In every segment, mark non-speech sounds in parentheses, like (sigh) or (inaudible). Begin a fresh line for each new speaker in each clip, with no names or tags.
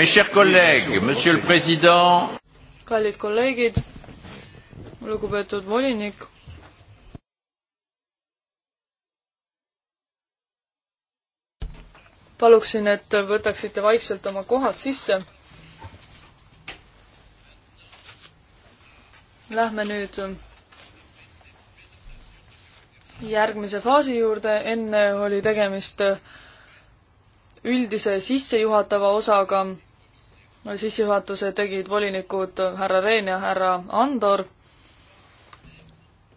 Mes chers collègues, Monsieur le
Président.
kallid kolleegid, lugupeetud volinik. paluksin, et võtaksite vaikselt oma kohad sisse. Lähme nüüd järgmise faasi juurde, enne oli tegemist üldise sissejuhatava osaga sissejuhatuse tegid volinikud härra Rehn ja härra Andor.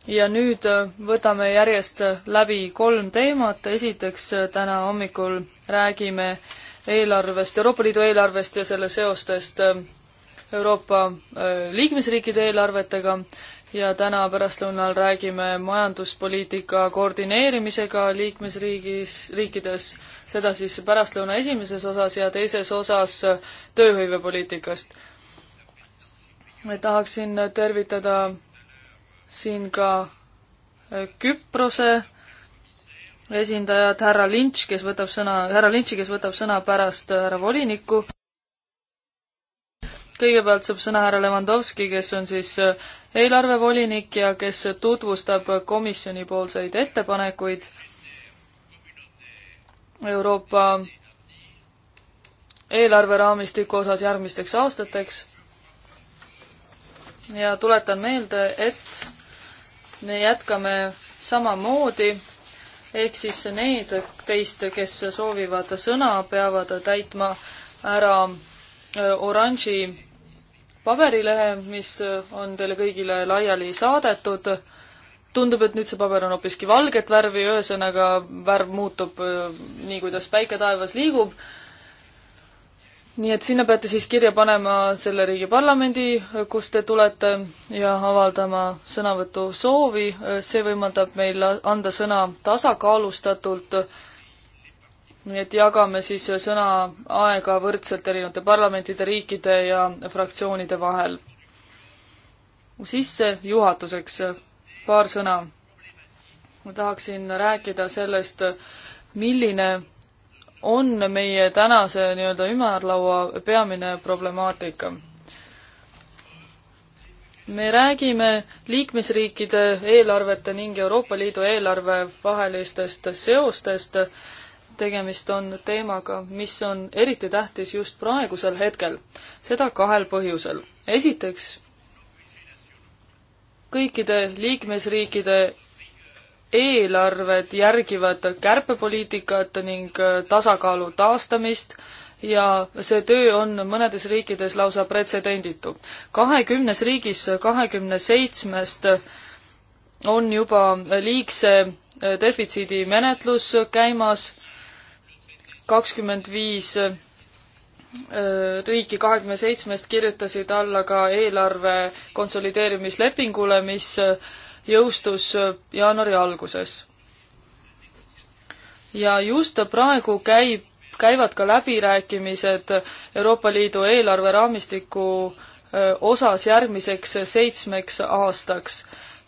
ja nüüd äh, võtame järjest äh, läbi kolm teemat, esiteks äh, täna hommikul räägime eelarvest, Euroopa Liidu eelarvest ja selle seostest Euroopa liikmesriikide eelarvetega ja täna pärastlõunal räägime majanduspoliitika koordineerimisega liikmesriigis, riikides, seda siis pärastlõuna esimeses osas ja teises osas tööhõivepoliitikast. ma tahaksin tervitada siin ka äh, Küprose esindajat härra Lynch, kes võtab sõna, härra Lynchi, kes võtab sõna pärast äh, härra volinikku kõigepealt saab sõna härra Levandovski, kes on siis äh, eelarvevolinik ja kes tutvustab komisjonipoolseid ettepanekuid Euroopa eelarveraamistiku osas järgmisteks aastateks. ja tuletan meelde, et me jätkame samamoodi, ehk siis need teist, kes soovivad sõna, peavad täitma ära Äh, oranži paberilehe, mis äh, on teile kõigile laiali saadetud. tundub, et nüüd see paber on hoopiski valget värvi, ühesõnaga värv muutub äh, nii, kuidas päike taevas liigub. nii et sinna peate siis kirja panema selle riigi parlamendi, kust te tulete ja avaldama sõnavõtusoovi. see võimaldab meil anda sõna tasakaalustatult nii et jagame siis sõna aega võrdselt erinevate parlamentide, riikide ja fraktsioonide vahel. sissejuhatuseks paar sõna. ma tahaksin rääkida sellest, milline on meie tänase nii-öelda ümarlaua peamine problemaatika. me räägime liikmesriikide eelarvete ning Euroopa Liidu eelarve vahelistest seostest tegemist on teemaga, mis on eriti tähtis just praegusel hetkel. seda kahel põhjusel. esiteks, kõikide liikmesriikide eelarved järgivad kärpepoliitikat ning äh, tasakaalu taastamist ja see töö on mõnedes riikides lausa pretsedenditu. kahekümnes riigis kahekümne seitsmest on juba liigse äh, defitsiidi menetlus käimas kakskümmend viis riiki kahekümne seitsmest kirjutasid alla ka eelarve konsolideerimislepingule, mis jõustus jaanuari alguses. ja just praegu käib, käivad ka läbirääkimised Euroopa Liidu eelarveraamistiku osas järgmiseks seitsmeks aastaks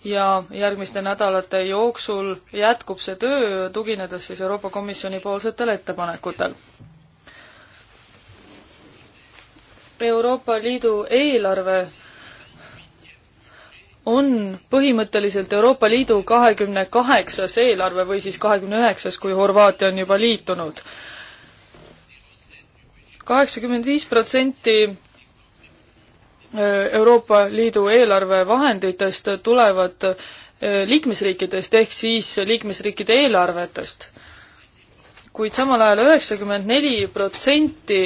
ja järgmiste nädalate jooksul jätkub see töö, tuginedes siis Euroopa Komisjoni poolsetel ettepanekutel. Euroopa Liidu eelarve on põhimõtteliselt Euroopa Liidu kahekümne kaheksas eelarve või siis kahekümne üheksas, kui Horvaatia on juba liitunud. kaheksakümmend viis protsenti Euroopa Liidu eelarvevahenditest tulevad äh, liikmesriikidest ehk siis liikmesriikide eelarvetest. kuid samal ajal üheksakümmend neli protsenti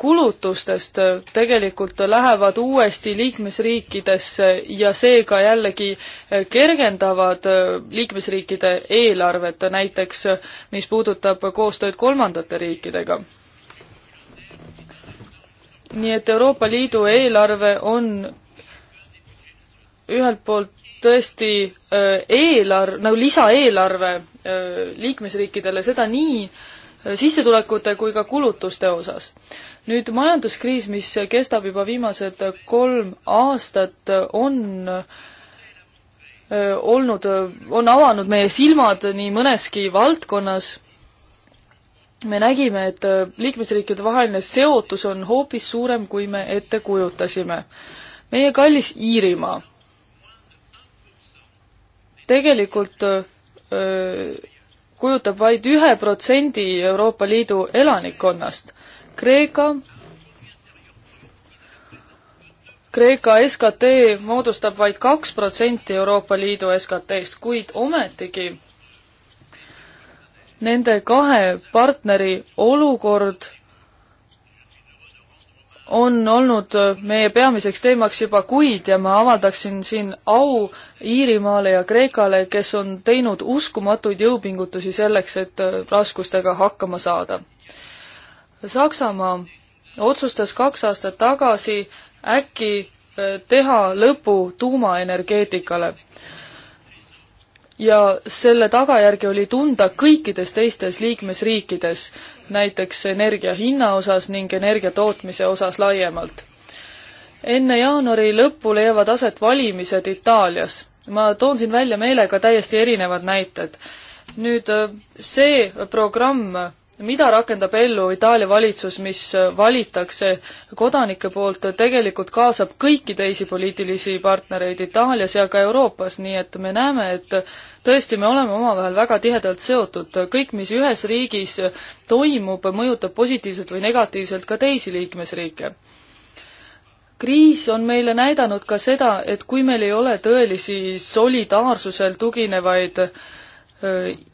kulutustest tegelikult lähevad uuesti liikmesriikidesse ja seega jällegi kergendavad liikmesriikide eelarvet, näiteks mis puudutab koostööd kolmandate riikidega nii et Euroopa Liidu eelarve on ühelt poolt tõesti äh, eelarve, nagu lisaeelarve äh, liikmesriikidele, seda nii äh, sissetulekute kui ka kulutuste osas. nüüd majanduskriis, mis kestab juba viimased kolm aastat, on olnud, on avanud meie silmad nii mõneski valdkonnas me nägime, et äh, liikmesriikide vaheline seotus on hoopis suurem, kui me ette kujutasime. meie kallis Iirimaa tegelikult öö, äh, äh, kujutab vaid ühe protsendi Euroopa Liidu elanikkonnast. Kreeka, Kreeka SKT moodustab vaid kaks protsenti Euroopa Liidu SKT-st, kuid ometigi nende kahe partneri olukord on olnud meie peamiseks teemaks juba kuid ja ma avaldaksin siin au Iirimaale ja Kreekale, kes on teinud uskumatuid jõupingutusi selleks, et raskustega hakkama saada. Saksamaa otsustas kaks aastat tagasi äkki teha lõpu tuumaenergeetikale ja selle tagajärgi oli tunda kõikides teistes liikmesriikides, näiteks energia hinna osas ning energia tootmise osas laiemalt. enne jaanuari lõppu leiavad aset valimised Itaalias. ma toon siin välja meelega täiesti erinevad näited. nüüd see programm, mida rakendab ellu Itaalia valitsus, mis äh, valitakse kodanike poolt, tegelikult kaasab kõiki teisi poliitilisi partnereid Itaalias ja ka Euroopas, nii et me näeme, et tõesti, me oleme omavahel väga tihedalt seotud, kõik, mis ühes riigis toimub, mõjutab positiivselt või negatiivselt ka teisi liikmesriike kriis on meile näidanud ka seda, et kui meil ei ole tõelisi solidaarsusel tuginevaid äh,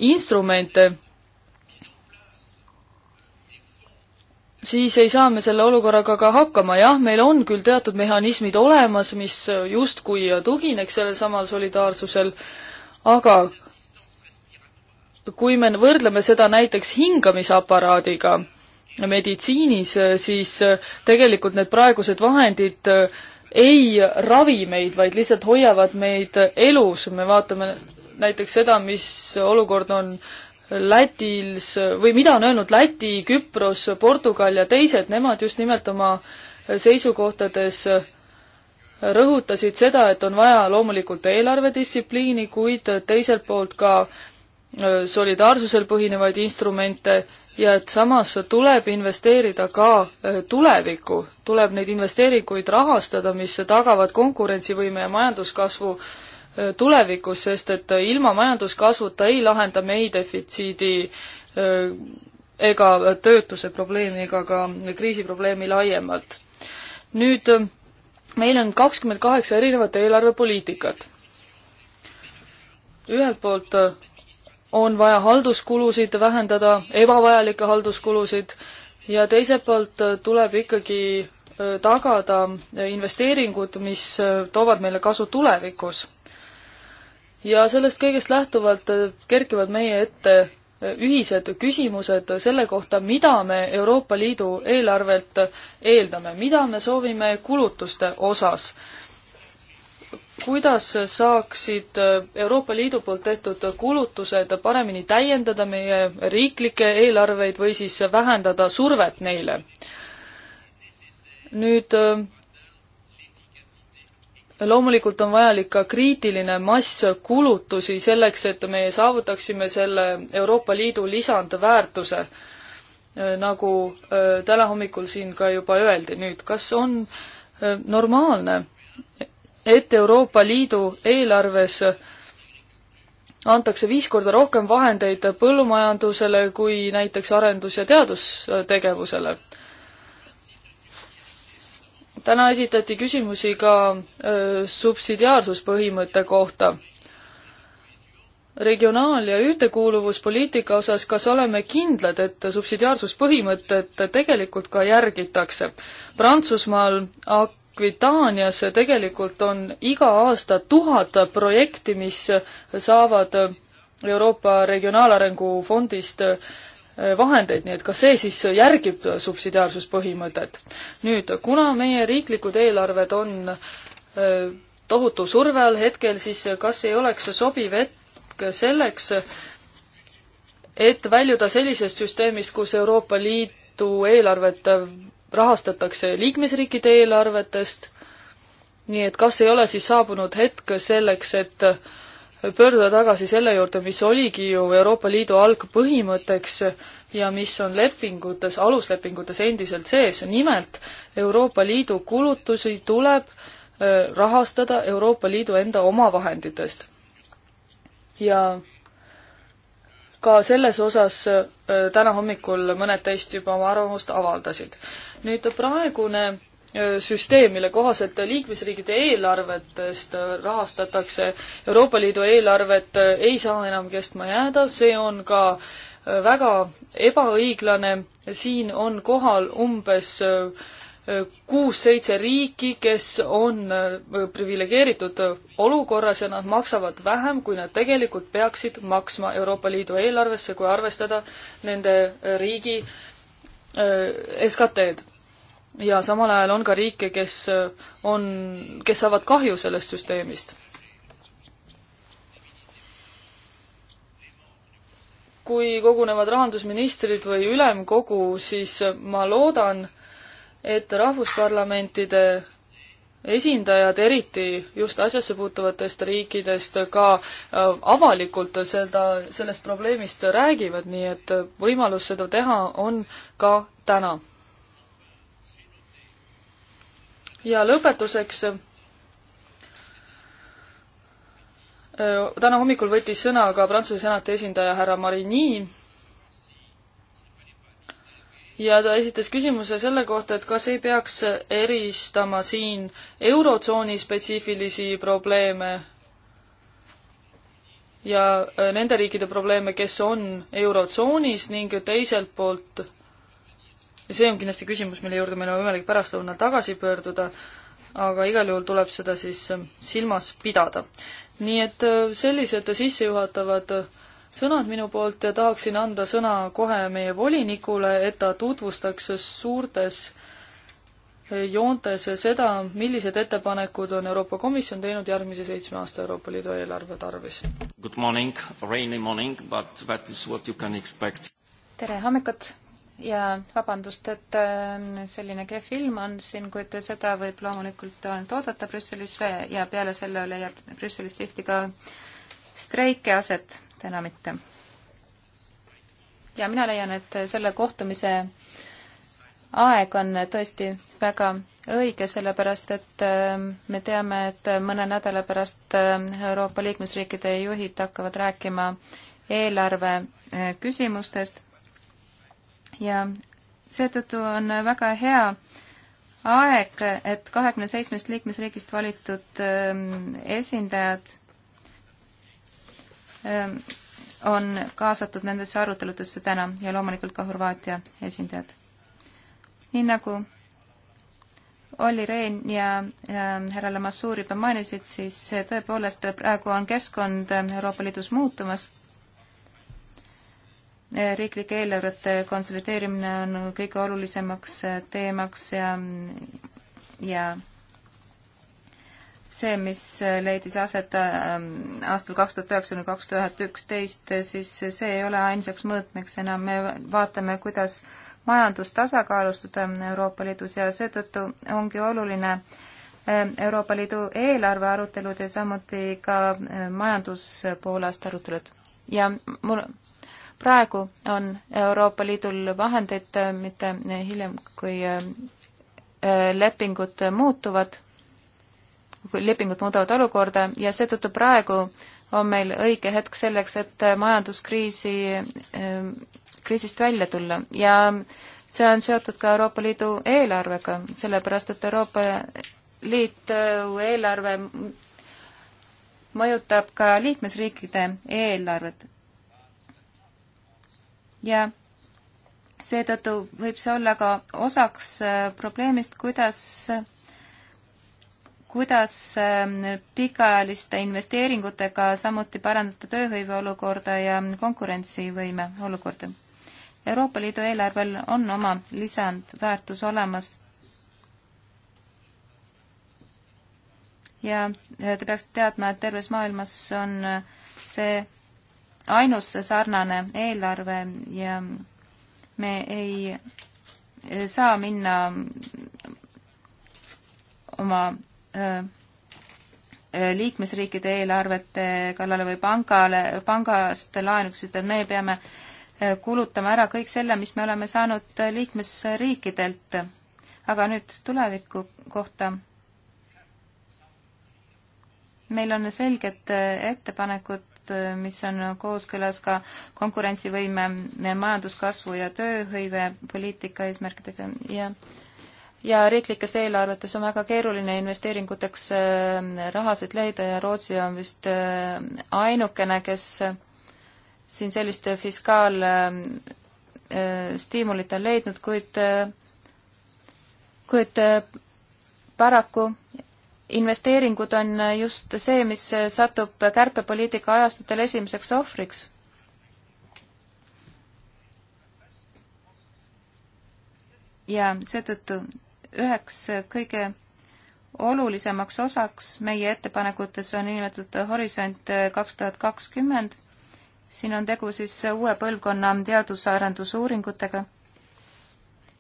instrumente, siis ei saa me selle olukorraga ka hakkama, jah, meil on küll teatud mehhanismid olemas, mis justkui tugineks sellel samal solidaarsusel, aga kui me võrdleme seda näiteks hingamisaparaadiga meditsiinis, siis tegelikult need praegused vahendid ei ravi meid, vaid lihtsalt hoiavad meid elus, me vaatame näiteks seda, mis olukord on äh, Lätis või mida on öelnud Läti, Küpros, Portugal ja teised, nemad just nimelt oma seisukohtades rõhutasid seda, et on vaja loomulikult eelarvedistsipliini, kuid teiselt poolt ka äh, solidaarsusel põhinevaid instrumente ja et samas tuleb investeerida ka äh, tulevikku, tuleb neid investeeringuid rahastada, mis tagavad konkurentsivõime ja majanduskasvu äh, tulevikus, sest et ilma majanduskasvuta ei lahenda me ei defitsiidi ega töötuse probleemi ega ka kriisiprobleemi laiemalt. nüüd meil on kakskümmend kaheksa erinevat eelarvepoliitikat. ühelt poolt on vaja halduskulusid vähendada, ebavajalikke halduskulusid, ja teiselt poolt tuleb ikkagi tagada investeeringud, mis toovad meile kasu tulevikus ja sellest kõigest lähtuvalt äh, kerkivad meie ette äh, ühised küsimused selle kohta, mida me Euroopa Liidu eelarvelt äh, eeldame, mida me soovime kulutuste osas. kuidas saaksid Euroopa Liidu poolt tehtud kulutused paremini täiendada meie riiklikke eelarveid või siis vähendada survet neile? nüüd loomulikult on vajalik ka kriitiline mass kulutusi selleks, et me saavutaksime selle Euroopa Liidu lisandväärtuse, nagu äh, täna hommikul siin ka juba öeldi. nüüd, kas on äh, normaalne, et Euroopa Liidu eelarves antakse viis korda rohkem vahendeid põllumajandusele kui näiteks arendus- ja teadustegevusele? täna esitati küsimusi ka öö, subsidiaarsuspõhimõtte kohta. regionaal- ja ühtekuuluvuspoliitika osas, kas oleme kindlad, et subsidiaarsuspõhimõtet tegelikult ka järgitakse? Prantsusmaal Aquitaanias tegelikult on iga aasta tuhat projekti, mis saavad Euroopa Regionaalarengu Fondist Äh, vahendeid, nii et ka see siis järgib subsidiaarsuspõhimõtet. nüüd, kuna meie riiklikud eelarved on äh, tohutu surve all hetkel, siis kas ei oleks sobiv hetk selleks, et väljuda sellisest süsteemist, kus Euroopa Liidu eelarvet rahastatakse liikmesriikide eelarvetest, nii et kas ei ole siis saabunud hetk selleks, et pöörduda tagasi selle juurde, mis oligi ju Euroopa Liidu algpõhimõtteks ja mis on lepingutes, aluslepingutes endiselt sees, nimelt Euroopa Liidu kulutusi tuleb rahastada Euroopa Liidu enda omavahenditest. ja ka selles osas täna hommikul mõned teist juba oma arvamust avaldasid. nüüd praegune Äh, süsteem, mille kohaselt liikmesriigide eelarvetest äh, rahastatakse Euroopa Liidu eelarvet, äh, ei saa enam kestma jääda, see on ka väga ebaõiglane, siin on kohal umbes kuus-seitse riiki, kes on priviligeeritud olukorras ja nad maksavad vähem, kui nad tegelikult peaksid maksma Euroopa Liidu eelarvesse, kui arvestada nende riigi SKT-d ja samal ajal on ka riike, kes äh, on, kes saavad kahju sellest süsteemist. kui kogunevad rahandusministrid või ülemkogu, siis äh, ma loodan, et rahvusparlamentide esindajad, eriti just asjasse puutuvatest riikidest, ka äh, avalikult seda, sellest probleemist räägivad, nii et võimalus seda teha on ka täna ja lõpetuseks. Äh, täna hommikul võttis sõna ka Prantsuse senati esindaja härra Marigny ja ta esitas küsimuse selle kohta, et kas ei peaks eristama siin Eurotsooni spetsiifilisi probleeme ja äh, nende riikide probleeme, kes on Eurotsoonis ning teiselt poolt ja see on kindlasti küsimus, mille juurde meil on võimalik pärastlõunal tagasi pöörduda, aga igal juhul tuleb seda siis äh, silmas pidada. nii et äh, sellised sissejuhatavad äh, sõnad minu poolt ja tahaksin anda sõna kohe meie volinikule, et ta tutvustaks suurtes joontes seda, millised ettepanekud on Euroopa Komisjon teinud järgmise seitsme aasta Euroopa Liidu eelarve tarvis. Good morning, rainy morning, but that is what you can expect. tere hommikut,
ja vabandust, et äh, selline kehv ilm on siin, kuid seda võib loomulikult ainult oodata Brüsselis ja peale selle leiab Brüsselis tihti ka streike aset, täna mitte. ja mina leian, et selle kohtumise aeg on tõesti väga õige, sellepärast et äh, me teame, et mõne nädala pärast äh, Euroopa liikmesriikide juhid hakkavad rääkima eelarve küsimustest ja seetõttu on väga hea aeg, et kahekümne seitsmest liikmesriigist valitud ähm, esindajad ähm, on kaasatud nendesse aruteludesse täna ja loomulikult ka Horvaatia esindajad. nii nagu Olli Rehn ja, ja ähm, härra Lamassuur juba mainisid, siis äh, tõepoolest praegu on keskkond Euroopa Liidus muutumas riiklike eelarvete konsolideerimine on kõige olulisemaks äh, teemaks ja, ja see, mis äh, leidis aset äh, aastal kaks tuhat üheksa kuni kaks tuhat üksteist, siis see ei ole ainsaks mõõtmeks enam, me vaatame, kuidas majandust tasakaalustada Euroopa Liidus ja seetõttu ongi oluline Euroopa Liidu eelarve arutelud ja samuti ka majanduspoolaasta arutelud. ja mul praegu on Euroopa Liidul vahendeid, äh, mitte hiljem, kui äh, äh, lepingud muutuvad, kui lepingud muudavad olukorda ja seetõttu praegu on meil õige hetk selleks, et majanduskriisi, kriisist välja tulla ja see on seotud ka Euroopa Liidu eelarvega, sellepärast et Euroopa Liidu eelarve mõjutab ka liikmesriikide eelarvet ja seetõttu võib see olla ka osaks äh, probleemist, kuidas kuidas ähm, pikaajaliste investeeringutega samuti parandada tööhõive olukorda ja konkurentsivõime olukorda. Euroopa Liidu eelarvel on oma lisandväärtus olemas. ja äh, te peaksite teadma, et terves maailmas on äh, see ainus sarnane eelarve ja me ei saa minna oma liikmesriikide eelarvete kallale või pangale, pangast laenuksid, et me peame kulutama ära kõik selle, mis me oleme saanud liikmesriikidelt. aga nüüd tuleviku kohta. meil on selged äh, ettepanekud ettepanekut, äh, mis on kooskõlas ka konkurentsivõime, äh, majanduskasvu ja tööhõive poliitika eesmärkidega ja ja riiklikes eelarvetes on väga keeruline investeeringuteks äh, rahasid leida ja Rootsi on vist ainukene, kes siin sellist fiskaalstiimulit on leidnud, kuid, kuid paraku investeeringud on just see, mis satub kärpepoliitika ajastutel esimeseks ohvriks. ja seetõttu üheks kõige olulisemaks osaks meie ettepanekutes on niinimetatud Horisont kaks tuhat kakskümmend. siin on tegu siis uue põlvkonna teadus- ja arendusuuringutega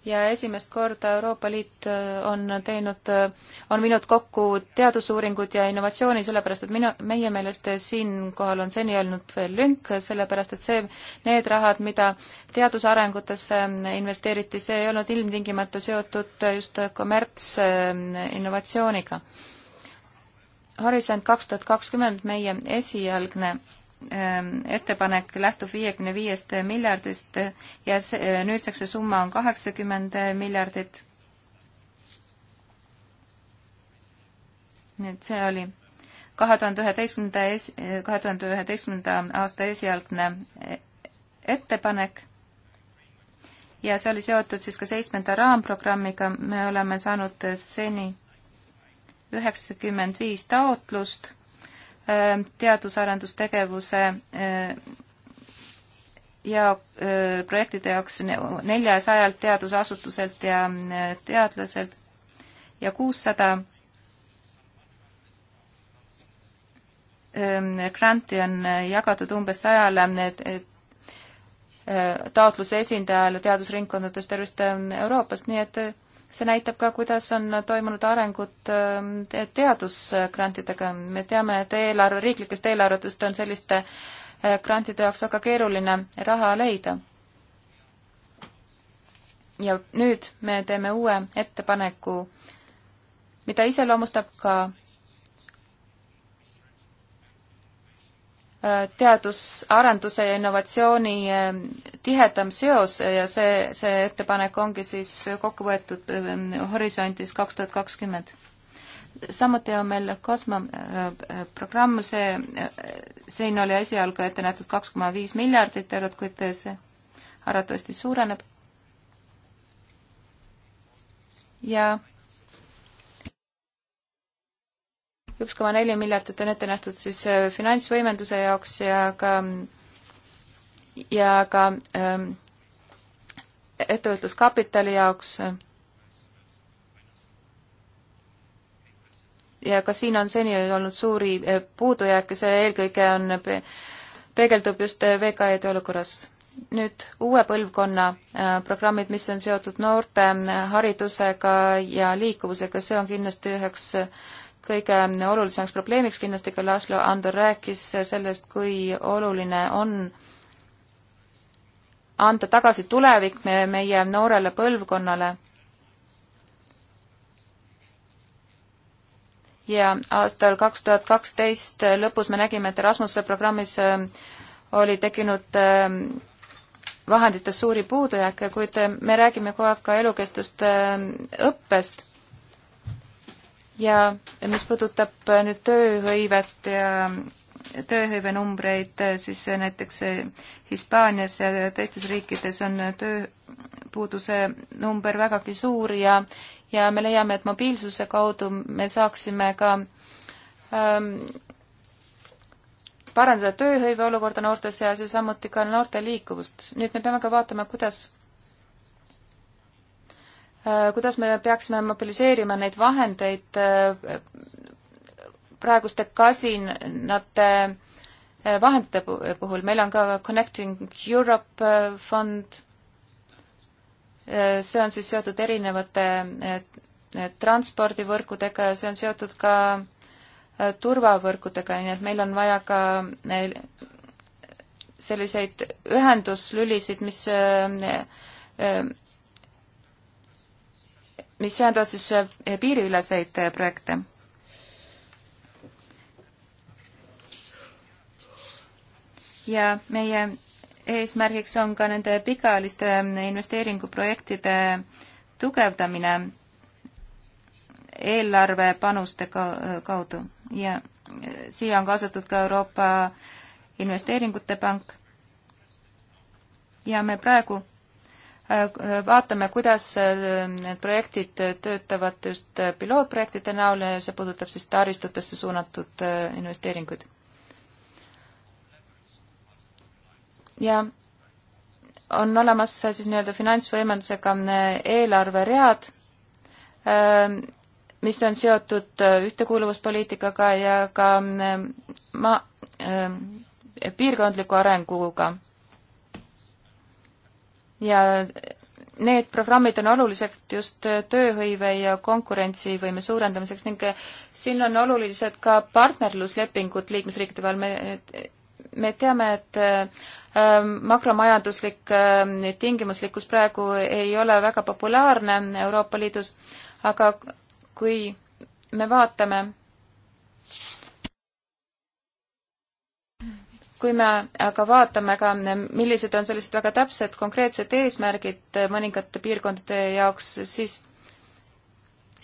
ja esimest korda Euroopa Liit äh, on teinud, äh, on viinud kokku teadusuuringud ja innovatsiooni, sellepärast et minu, meie meelest siinkohal on seni olnud veel lünk, sellepärast et see, need rahad, mida teaduse arengutesse investeeriti, see ei olnud ilmtingimata seotud just kommertsinnovatsiooniga. Äh, Horisont kaks tuhat kakskümmend, meie esialgne Ähm, ettepanek lähtub viiekümne viiest miljardist ja see, äh, nüüdseks see summa on kaheksakümmend miljardit. nii et see oli kahe tuhande üheteistkümnenda es-, äh, kahe tuhande üheteistkümnenda aasta esialgne äh, ettepanek ja see oli seotud siis ka seitsmenda raamprogrammiga, me oleme saanud seni üheksakümmend viis taotlust Äh, teadus-arendustegevuse äh, ja äh, projektide jaoks neljasajalt teadusasutuselt ja teadlaselt ja kuussada ähm, granti on jagatud umbes sajale taotluse esindajale teadusringkondades tervest ähm, Euroopast, nii et see näitab ka, kuidas on toimunud arengud äh, teadusgrantidega. me teame, et eelarve, riiklikest eelarvetest on selliste äh, grantide jaoks väga keeruline raha leida. ja nüüd me teeme uue ettepaneku, mida iseloomustab ka teadusarenduse ja innovatsiooni eh, tihedam seos ja see, see ettepanek ongi siis kokku võetud eh, horisondis kaks tuhat kakskümmend. samuti on meil COSMO eh, programm, see, siin oli esialgu ette nähtud kaks koma viis miljardit eurot, kuid see arvatavasti suureneb. ja üks koma neli miljardit on ette nähtud siis äh, finantsvõimenduse jaoks ja ka, ja ka ähm, ettevõtluskapitali jaoks. ja ka siin on seni olnud suuri äh, puudujääke, see eelkõige on, äh, peegeldub just VKE-de olukorras nüüd uue põlvkonna programmid, mis on seotud noorte haridusega ja liikuvusega, see on kindlasti üheks kõige olulisemaks probleemiks kindlasti ka Laslo Andor rääkis sellest, kui oluline on anda tagasi tulevik meie, meie noorele põlvkonnale. ja aastal kaks tuhat kaksteist lõpus me nägime, et Erasmuse programmis äh, oli tekkinud äh, vahendites suuri puudujääke, kuid äh, me räägime kogu aeg ka elukestvast õppest ja mis puudutab äh, nüüd tööhõivet ja äh, tööhõive numbreid, äh, siis näiteks Hispaanias ja teistes riikides on tööpuuduse number vägagi suur ja, ja me leiame, et mobiilsuse kaudu me saaksime ka ähm, parandada tööhõive olukorda noorte seas ja samuti ka noorte liikuvust. nüüd me peame ka vaatama, kuidas Äh, kuidas me peaksime mobiliseerima neid vahendeid äh, praeguste kasinate äh, vahendite puhul, meil on ka Connecting Europe fond, see on siis seotud erinevate transpordivõrkudega ja see on seotud ka turvavõrkudega, nii et meil on vaja ka selliseid ühenduslülisid, mis mis seondavad siis eh, piiriüleseid eh, projekte. ja meie eesmärgiks on ka nende pikaajaliste eh, investeeringuprojektide tugevdamine eelarvepanuste kaudu ja siia on kaasatud ka Euroopa Investeeringute Pank. ja me praegu vaatame, kuidas äh, need projektid töötavad just äh, pilootprojektide näol ja see puudutab siis taristutesse suunatud äh, investeeringuid. ja on olemas siis nii-öelda finantsvõimendusega eelarveread, mis on seotud ühtekuuluvuspoliitikaga ja ka ma-, piirkondliku arenguga ja need programmid on olulised just tööhõive ja konkurentsivõime suurendamiseks ning siin on olulised ka partnerluslepingud liikmesriikide vahel, me, me teame, et ähm, makromajanduslik ähm, tingimuslikkus praegu ei ole väga populaarne Euroopa Liidus, aga kui me vaatame kui me aga vaatame ka, millised on sellised väga täpsed konkreetsed eesmärgid mõningate piirkondade jaoks, siis,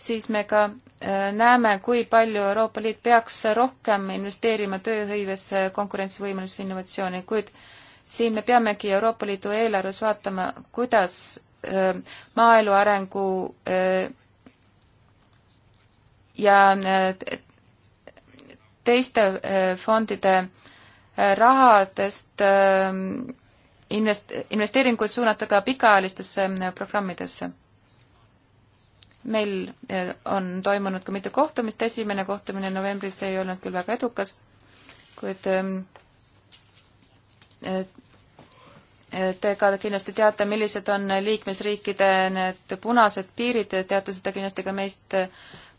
siis me ka äh, näeme, kui palju Euroopa Liit peaks rohkem investeerima tööhõivesse, konkurentsivõimelisse innovatsiooni, kuid siin me peamegi Euroopa Liidu eelarves vaatama, kuidas äh, maaelu arengu äh, ja teiste fondide äh, rahadest ähm, invest-, investeeringuid suunata ka pikaajalistesse ähm, programmidesse. meil äh, on toimunud ka mitu kohtumist, esimene kohtumine novembris ei olnud küll väga edukas, kuid ähm, äh, äh, Te ka kindlasti teate, millised on liikmesriikide need punased piirid, teate seda kindlasti ka meist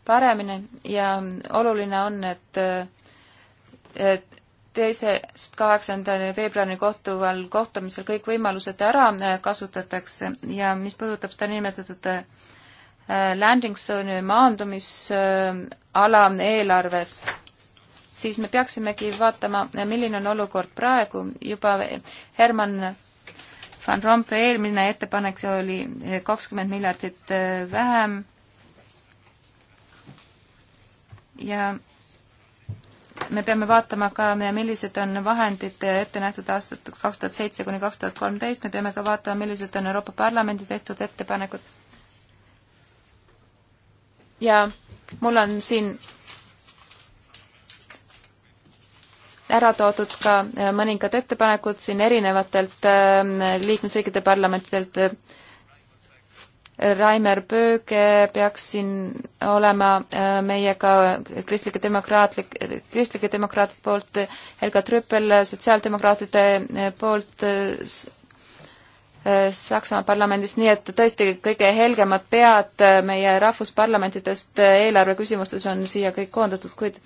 paremini ja oluline on, et, et teisest kaheksanda veebruari kohtuval kohtumisel kõik võimalused ära äh, kasutatakse ja mis puudutab seda niinimetatud äh, landing zone'i maandumisala äh, eelarves, siis me peaksimegi vaatama, milline on olukord praegu, juba Herman Van Rompuy eelmine ettepanek, see oli kakskümmend miljardit vähem ja me peame vaatama ka, millised on vahendid ette nähtud aastat kaks tuhat seitse kuni kaks tuhat kolmteist, me peame ka vaatama, millised on Euroopa Parlamendi tehtud ettepanekud. ja mul on siin ära toodud ka äh, mõningad ettepanekud siin erinevatelt äh, liikmesriikide parlamentidelt Raimer Pööge peaks siin olema äh, meiega kristlike demokraatlik, kristlike demokraatide poolt, Helga Trüppel sotsiaaldemokraatide äh, poolt äh, Saksamaa parlamendis, nii et tõesti kõige helgemad pead meie rahvusparlamentidest eelarve küsimustes on siia kõik koondatud, kuid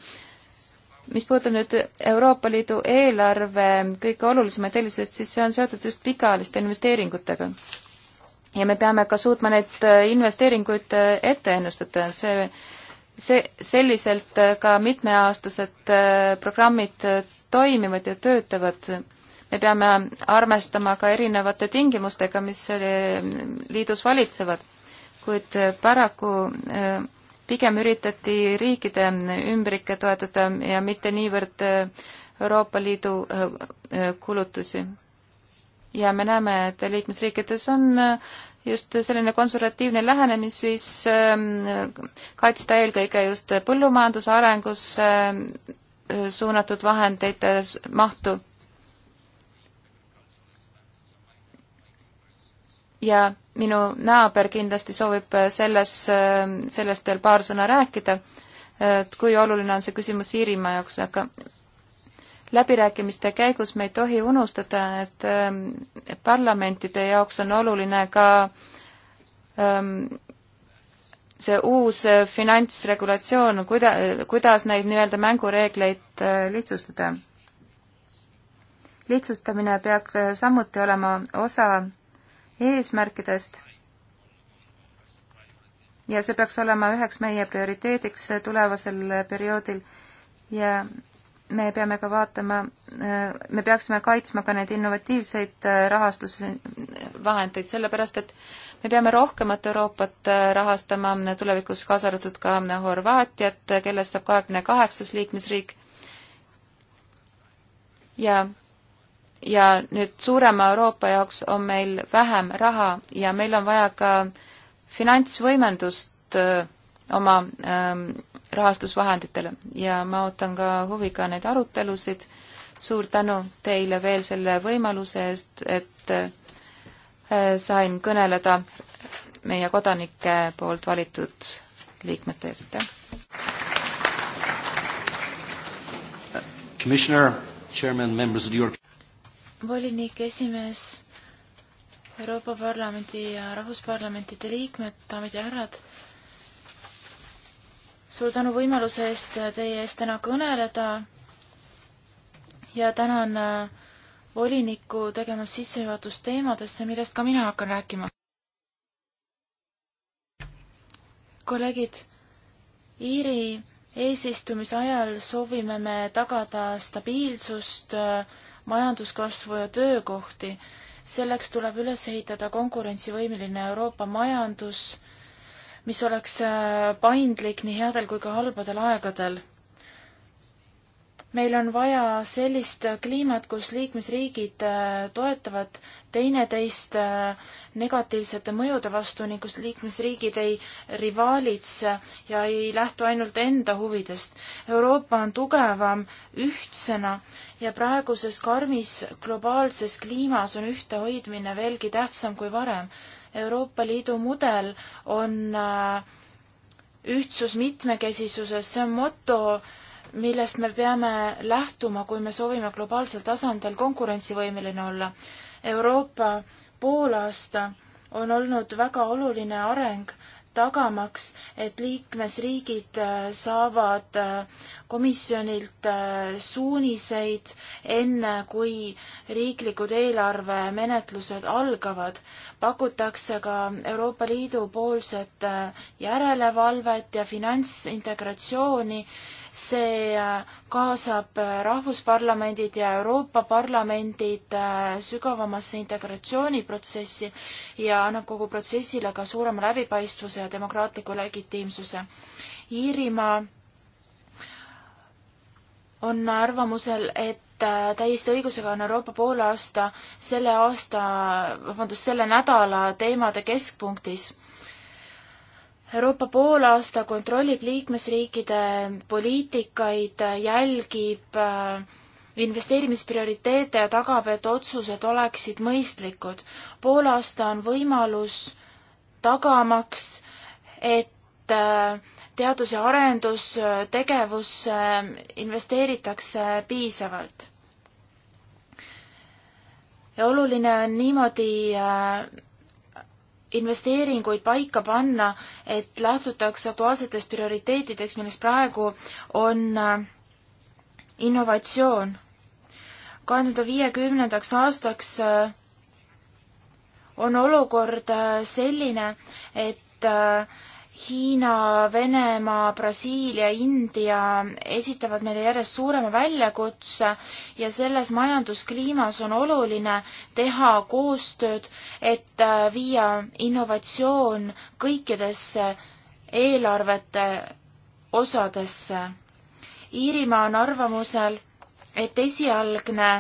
mis puudutab nüüd Euroopa Liidu eelarve kõige olulisemaid eeliseid, siis see on seotud just pikaajaliste investeeringutega ja me peame ka suutma neid äh, investeeringuid äh, ette ennustada, see, see, selliselt äh, ka mitmeaastased programmid toimivad ja töötavad. me peame arvestama ka erinevate tingimustega, mis liidus valitsevad, kuid paraku pigem üritati riikide ümbrikke toetada ja mitte niivõrd Euroopa Liidu kulutusi ja me näeme, et liikmesriikides on äh, just selline konservatiivne lähenemisviis ähm, kaitsta eelkõige just põllumajanduse arengusse äh, suunatud vahendeid äh, mahtu. ja minu naaber kindlasti soovib selles, sellest veel paar sõna rääkida, et kui oluline on see küsimus Iirimaa jaoks, aga läbirääkimiste käigus me ei tohi unustada, et ähm, parlamentide jaoks on oluline ka ähm, see uus äh, finantsregulatsioon, kuida-, kuidas neid nii-öelda mängureegleid äh, lihtsustada. lihtsustamine peaks äh, samuti olema osa eesmärkidest ja see peaks olema üheks meie prioriteediks tulevasel perioodil ja me peame ka vaatama, me peaksime kaitsma ka neid innovatiivseid äh, rahastusvahendeid, sellepärast et me peame rohkemat Euroopat äh, rahastama tulevikus, kaasa arvatud ka äh, Horvaatiat, kellest saab kahekümne kaheksas liikmesriik. ja, ja nüüd suurema Euroopa jaoks on meil vähem raha ja meil on vaja ka finantsvõimendust oma ähm, rahastusvahenditele ja ma ootan ka huviga neid arutelusid. suur tänu teile veel selle võimaluse eest, et äh, sain kõneleda meie kodanike poolt valitud liikmete ees, aitäh!
volinik, esimees, Euroopa Parlamendi ja Rahvusparlamentide liikmed, daamid ja härrad suur tänu võimaluse eest teie ees täna kõneleda ja tänan äh, volinikku tegema sissejuhatust teemadesse, millest ka mina hakkan rääkima. kolleegid, Iiri eesistumise ajal soovime me tagada stabiilsust, äh, majanduskasvu ja töökohti. selleks tuleb üles ehitada konkurentsivõimeline Euroopa majandus mis oleks äh, paindlik nii headel kui ka halbadel aegadel. meil on vaja sellist kliimat, kus liikmesriigid äh, toetavad teineteist äh, negatiivsete mõjude vastu ning kus liikmesriigid ei rivaalitse ja ei lähtu ainult enda huvidest. Euroopa on tugevam ühtsena ja praeguses karmis globaalses kliimas on ühtehoidmine veelgi tähtsam kui varem Euroopa Liidu mudel on äh, ühtsus mitmekesisuses, see on moto, millest me peame lähtuma, kui me soovime globaalsel tasandil konkurentsivõimeline olla. Euroopa poolaasta on olnud väga oluline areng tagamaks, et liikmesriigid äh, saavad äh, komisjonilt äh, suuniseid enne, kui riiklikud eelarvemenetlused algavad. pakutakse ka Euroopa Liidu poolset järelevalvet ja finantsintegratsiooni see äh, kaasab äh, rahvusparlamendid ja Euroopa parlamendid äh, sügavamasse integratsiooniprotsessi ja annab kogu protsessile ka suurema läbipaistvuse ja demokraatliku legitiimsuse. Iirimaa on arvamusel, et täiesti õigusega on Euroopa poolaasta selle aasta, vabandust, selle nädala teemade keskpunktis Euroopa poolaasta kontrollib liikmesriikide poliitikaid, jälgib äh, investeerimisprioriteete ja tagab, et otsused oleksid mõistlikud. poolaasta on võimalus tagamaks, et äh, teadus- ja arendustegevusse investeeritakse piisavalt. ja oluline on niimoodi äh, investeeringuid paika panna, et lähtutakse aktuaalsetest prioriteetideks, millest praegu on äh, innovatsioon. kahe tuhande viiekümnendaks aastaks äh, on olukord äh, selline, et Hiina, Venemaa, Brasiilia, India esitavad meile järjest suurema väljakutse ja selles majanduskliimas on oluline teha koostööd, et äh, viia innovatsioon kõikidesse eelarvete osadesse. Iirimaa on arvamusel, et esialgne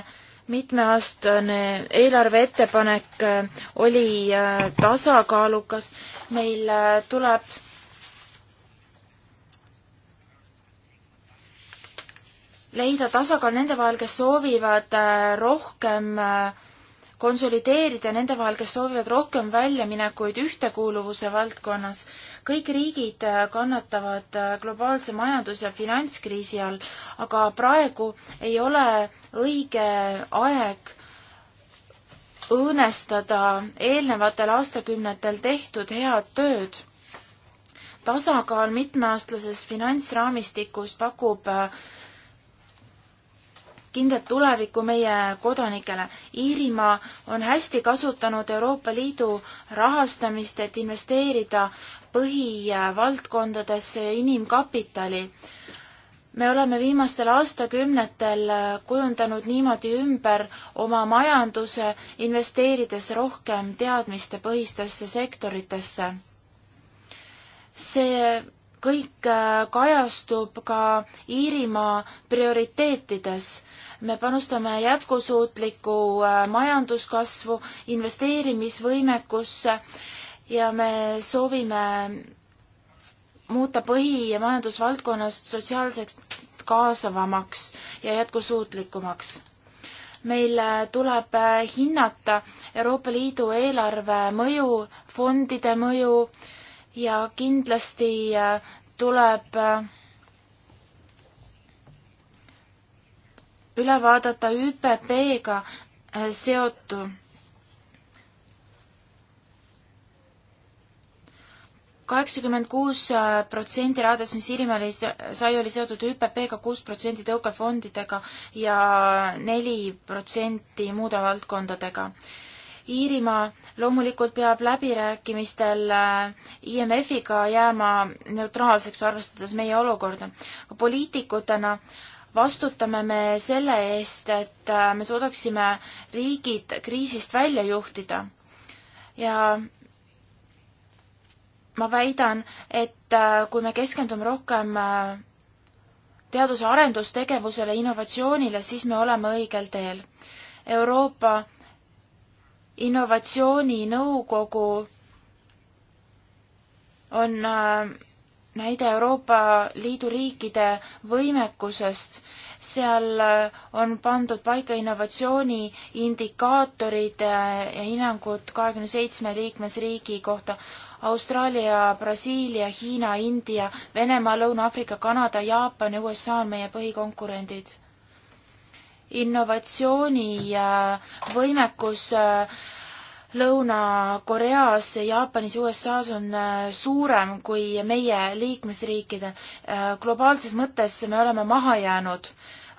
mitmeaastane eelarveettepanek äh, oli äh, tasakaalukas. meil tuleb leida tasakaal nende vahel, kes soovivad äh, rohkem äh, konsolideerida, nende vahel, kes soovivad rohkem väljaminekuid ühtekuuluvuse valdkonnas. kõik riigid äh, kannatavad globaalse majandus- ja finantskriisi all, aga praegu ei ole õige aeg õõnestada eelnevatel aastakümnetel tehtud head tööd tasakaal mitmeaastases finantsraamistikus pakub kindlat tulevikku meie kodanikele. Iirimaa on hästi kasutanud Euroopa Liidu rahastamist, et investeerida põhivaldkondadesse ja inimkapitali. me oleme viimastel aastakümnetel kujundanud niimoodi ümber oma majanduse, investeerides rohkem teadmistepõhistesse sektoritesse. see kõik kajastub ka Iirimaa prioriteetides me panustame jätkusuutlikku äh, majanduskasvu, investeerimisvõimekusse ja me soovime muuta põhi- ja majandusvaldkonnast sotsiaalseks kaasavamaks ja jätkusuutlikumaks. meil tuleb äh, hinnata Euroopa Liidu eelarve mõju, fondide mõju ja kindlasti äh, tuleb üle vaadata ÜPP-ga äh, seotu. kaheksakümmend kuus äh, protsenti raadest, mis Iirimaal sai, oli seotud ÜPP-ga, kuus protsenti tõukefondidega ja neli protsenti muude valdkondadega Iirimaa loomulikult peab läbirääkimistel äh, IMF-iga jääma neutraalseks, arvestades meie olukorda. poliitikutena vastutame me selle eest, et äh, me suudaksime riigid kriisist välja juhtida. ja ma väidan, et äh, kui me keskendume rohkem äh, teadus- ja arendustegevusele, innovatsioonile, siis me oleme õigel teel. Euroopa Innovatsiooninõukogu on näide Euroopa Liidu riikide võimekusest. seal äh, on pandud paika innovatsiooni indikaatorid äh, ja hinnangud kahekümne seitsme liikmesriigi kohta. Austraalia, Brasiilia, Hiina, India, Venemaa, Lõuna-Aafrika, Kanada, Jaapan ja USA on meie põhikonkurendid. innovatsiooni äh, võimekus äh, Lõuna-Koreas, Jaapanis, USA-s on äh, suurem kui meie liikmesriikide. Äh, globaalses mõttes me oleme maha jäänud.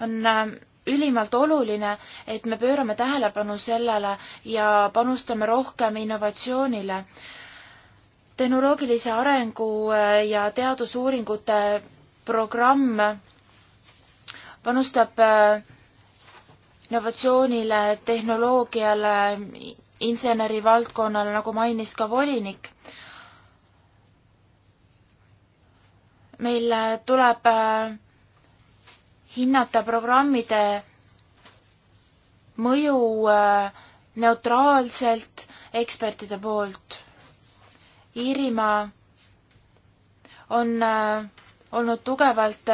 on äh, ülimalt oluline, et me pöörame tähelepanu sellele ja panustame rohkem innovatsioonile. tehnoloogilise arengu ja teadusuuringute programm panustab innovatsioonile, tehnoloogiale, insenerivaldkonnale, nagu mainis ka volinik. meil tuleb äh, hinnata programmide mõju äh, neutraalselt ekspertide poolt. Iirimaa on äh, olnud tugevalt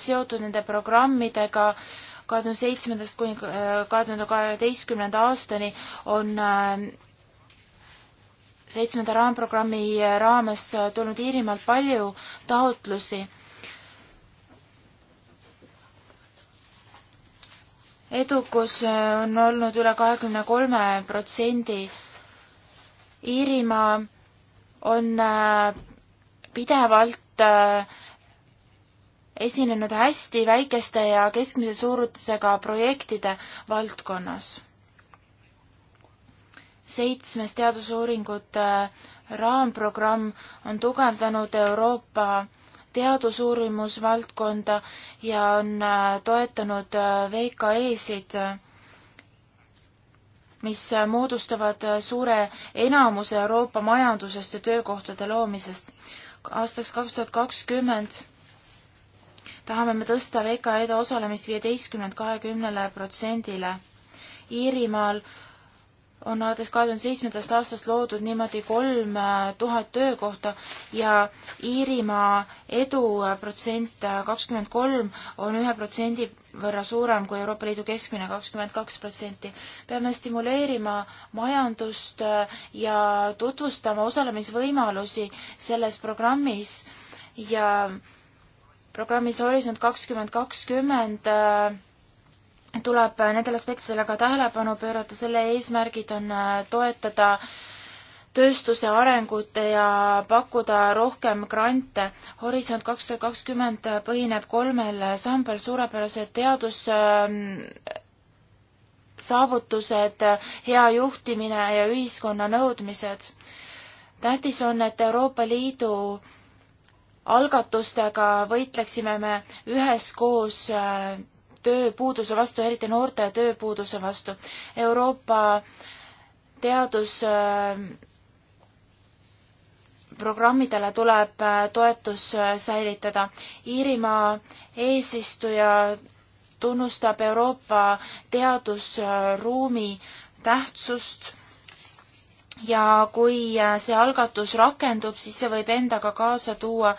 seotud nende programmidega äh, kahe tuhande seitsmendast kuni äh, kahe tuhande kaheteistkümnenda aastani on äh, seitsmenda raamprogrammi raames äh, tulnud Iirimaalt palju taotlusi. edukus on olnud üle kahekümne kolme protsendi. Iirimaa on pidevalt äh, esinenud hästi väikeste ja keskmise suurusega projektide valdkonnas. seitsmes teadusuuringute äh, raamprogramm on tugevdanud Euroopa teadusuurimusvaldkonda ja on äh, toetanud äh, VKE-sid, mis moodustavad suure enamuse Euroopa majandusest ja töökohtade loomisest. aastaks kaks tuhat kakskümmend tahame me tõsta VKE-de osalemist viieteistkümnelt kahekümnele protsendile. Iirimaal on alates kahe tuhande seitsmendast aastast loodud niimoodi kolm äh, tuhat töökohta ja Iirimaa edu äh, protsent äh, kakskümmend kolm on ühe protsendi võrra suurem kui Euroopa Liidu keskmine kakskümmend kaks protsenti. peame stimuleerima majandust ja tutvustama osalemisvõimalusi selles programmis ja programmis Horisont kakskümmend kakskümmend äh, tuleb nendele aspektidele ka tähelepanu pöörata, selle eesmärgid on äh, toetada tööstuse arengut ja pakkuda rohkem grante. Horisont kaks tuhat kakskümmend põhineb kolmel sambal, suurepärased teadus ähm, saavutused, hea juhtimine ja ühiskonna nõudmised. tähtis on, et Euroopa Liidu algatustega võitleksime me üheskoos äh, tööpuuduse vastu, eriti noorte tööpuuduse vastu. Euroopa teadusprogrammidele äh, tuleb äh, toetus säilitada. Iirimaa eesistuja tunnustab Euroopa teadusruumi tähtsust ja kui äh, see algatus rakendub, siis see võib endaga kaasa tuua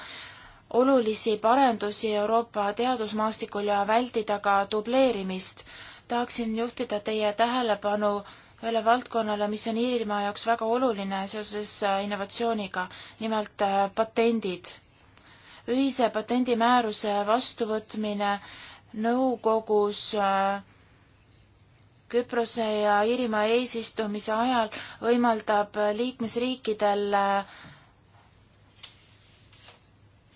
olulisi parendusi Euroopa teadusmaastikul ja vältida ka dubleerimist. tahaksin juhtida teie tähelepanu ühele valdkonnale, mis on Iirimaa jaoks väga oluline seoses äh, innovatsiooniga, nimelt äh, patendid. ühise patendimääruse vastuvõtmine nõukogus äh, Küprose ja Iirimaa eesistumise ajal võimaldab liikmesriikidel äh,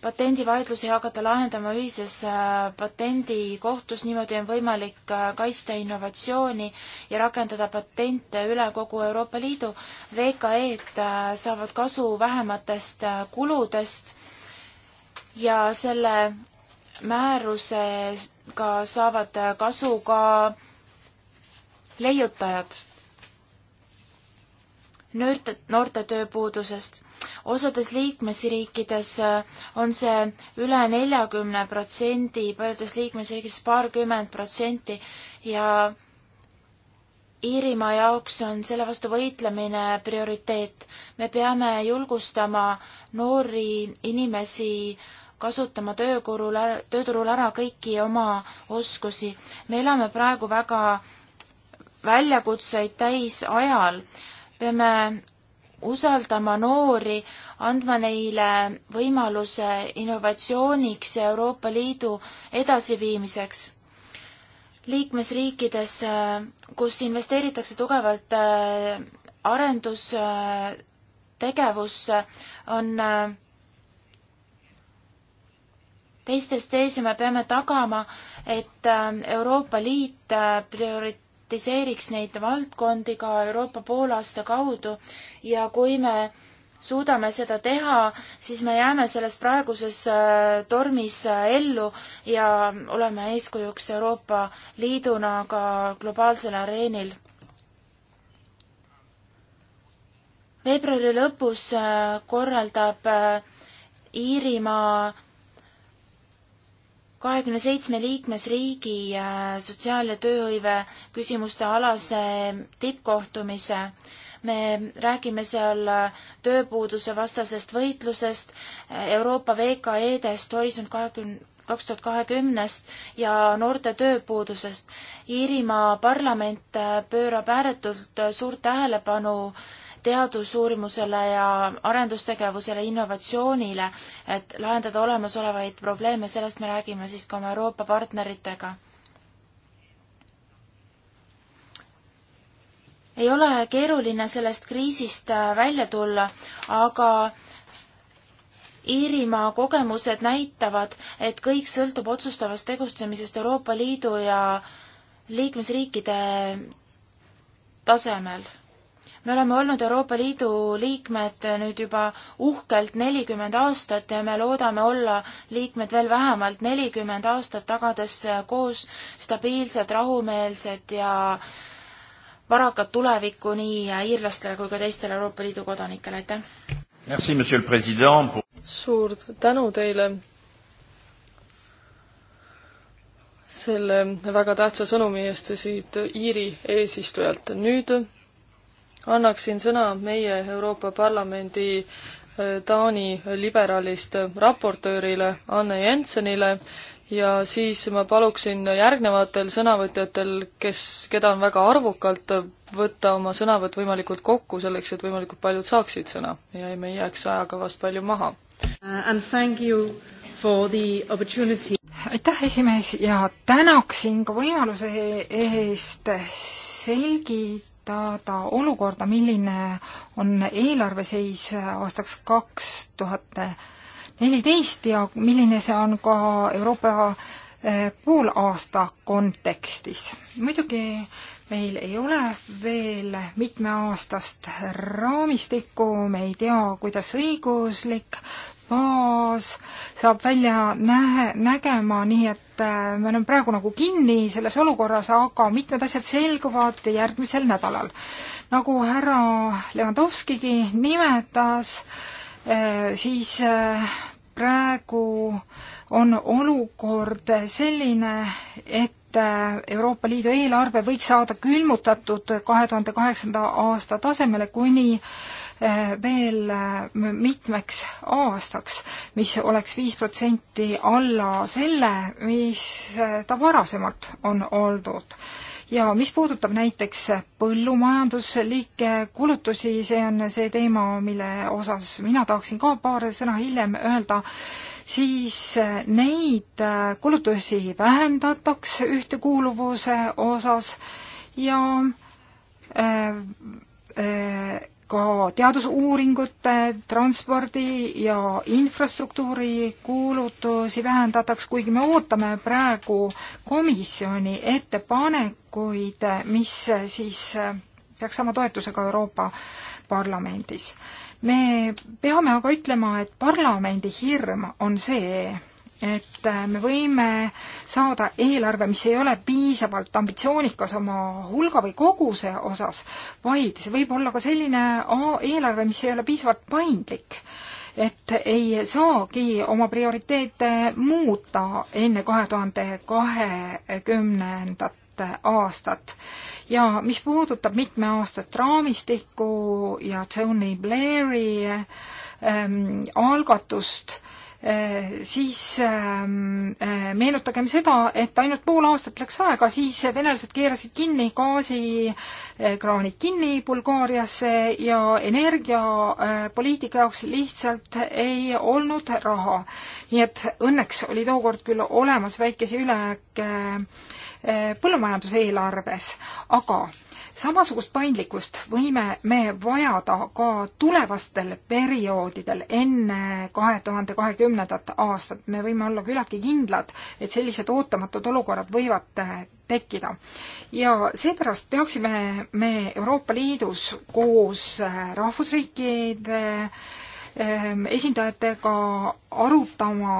patendivaidlusi hakata lahendama ühises äh, patendikohtus, niimoodi on võimalik äh, kaitsta innovatsiooni ja rakendada patente üle kogu Euroopa Liidu. VKE-d saavad kasu vähematest kuludest ja selle määrusega saavad kasu ka leiutajad noorte, noorte tööpuudusest. osades liikmesriikides äh, on see üle neljakümne protsendi, paljudes liikmesriikides paarkümmend protsenti ja Iirimaa jaoks on selle vastu võitlemine prioriteet. me peame julgustama noori inimesi kasutama töökurul, tööturul ära kõiki oma oskusi. me elame praegu väga väljakutseid täis ajal. peame usaldama noori, andma neile võimaluse innovatsiooniks ja Euroopa Liidu edasiviimiseks. liikmesriikides, kus investeeritakse tugevalt äh, arendustegevusse, on äh, teistest ees ja me peame tagama, et äh, Euroopa Liit priori-, prioritiseeriks neid valdkondi ka Euroopa poolaasta kaudu ja kui me suudame seda teha, siis me jääme selles praeguses äh, tormis äh, ellu ja oleme eeskujuks Euroopa Liiduna ka globaalsel areenil. veebruari lõpus äh, korraldab Iirimaa kahekümne seitsme liikmesriigi äh, sotsiaal- ja tööhõive küsimuste alase tippkohtumise. me räägime seal äh, tööpuuduse vastasest võitlusest, äh, Euroopa VKE-dest, Horisont kahekümne, kaks tuhat kahekümnest ja noorte tööpuudusest. Iirimaa parlament pöörab ääretult suurt tähelepanu äh, teadusuurimusele ja arendustegevusele, innovatsioonile, et lahendada olemasolevaid probleeme, sellest me räägime siis ka oma Euroopa partneritega. ei ole keeruline sellest kriisist äh, välja tulla, aga Iirimaa kogemused näitavad, et kõik sõltub otsustavast tegutsemisest Euroopa Liidu ja liikmesriikide tasemel me oleme olnud Euroopa Liidu liikmed nüüd juba uhkelt nelikümmend aastat ja me loodame olla liikmed veel vähemalt nelikümmend aastat, tagades koos stabiilsed, rahumeelsed ja varakat tulevikku nii iirlastele kui ka teistele Euroopa Liidu kodanikele, aitäh!
suur tänu teile selle väga tähtsa sõnumi eest siit Iiri eesistujalt. nüüd annaksin sõna meie Euroopa Parlamendi äh, Taani liberaalist raportöörile Anne Jensenile ja siis ma paluksin järgnevatel sõnavõtjatel, kes, keda on väga arvukalt, võtta oma sõnavõtt võimalikult kokku, selleks et võimalikult paljud saaksid sõna ja me ei jääks ajakavast palju maha. Uh, aitäh,
esimees, ja tänaksin ka võimaluse e-, eest selgitada arutada olukorda, milline on eelarve seis aastaks kaks tuhat neliteist ja milline see on ka Euroopa eh, poolaasta kontekstis. muidugi meil ei ole veel mitmeaastast raamistikku, me ei tea, kuidas õiguslik baas saab välja nähe, nägema, nii et äh, me oleme praegu nagu kinni selles olukorras, aga mitmed asjad selguvad järgmisel nädalal. nagu härra Levanovskigi nimetas, äh, siis äh, praegu on olukord selline, et Euroopa Liidu eelarve võiks saada külmutatud kahe tuhande kaheksanda aasta tasemele kuni veel äh, mitmeks aastaks, mis oleks viis protsenti alla selle, mis äh, ta varasemalt on olnud ja mis puudutab näiteks põllumajandusliike kulutusi, see on see teema, mille osas mina tahaksin ka paar sõna hiljem öelda, siis äh, neid kulutusi vähendatakse ühtekuuluvuse osas ja äh, äh, ka teadusuuringute, transpordi ja infrastruktuuri kuulutusi vähendataks, kuigi me ootame praegu komisjoni ettepanekuid, mis siis peaks saama toetuse ka Euroopa Parlamendis. me peame aga ütlema, et parlamendi hirm on see, et äh, me võime saada eelarve, mis ei ole piisavalt ambitsioonikas oma hulga või koguse osas, vaid see võib olla ka selline eelarve, mis ei ole piisavalt paindlik. et ei saagi oma prioriteete muuta enne kahe tuhande kahekümnendat aastat. ja mis puudutab mitme aastat raamistikku ja Tony Blairi ähm, algatust, Äh, siis ähm, äh, meenutagem seda, et ainult pool aastat läks aega, siis venelased keerasid kinni gaasikraanid äh, kinni Bulgaariasse ja energiapoliitika jaoks lihtsalt ei olnud raha. nii et õnneks oli tookord küll olemas väikese ülejääk põllumajanduseelarves, aga samasugust paindlikkust võime me vajada ka tulevastel perioodidel enne kahe tuhande kahekümnendat aastat. me võime olla küllaltki kindlad, et sellised ootamatud olukorrad võivad eh, tekkida. ja seepärast peaksime me Euroopa Liidus koos eh, rahvusriikide eh, esindajatega arutama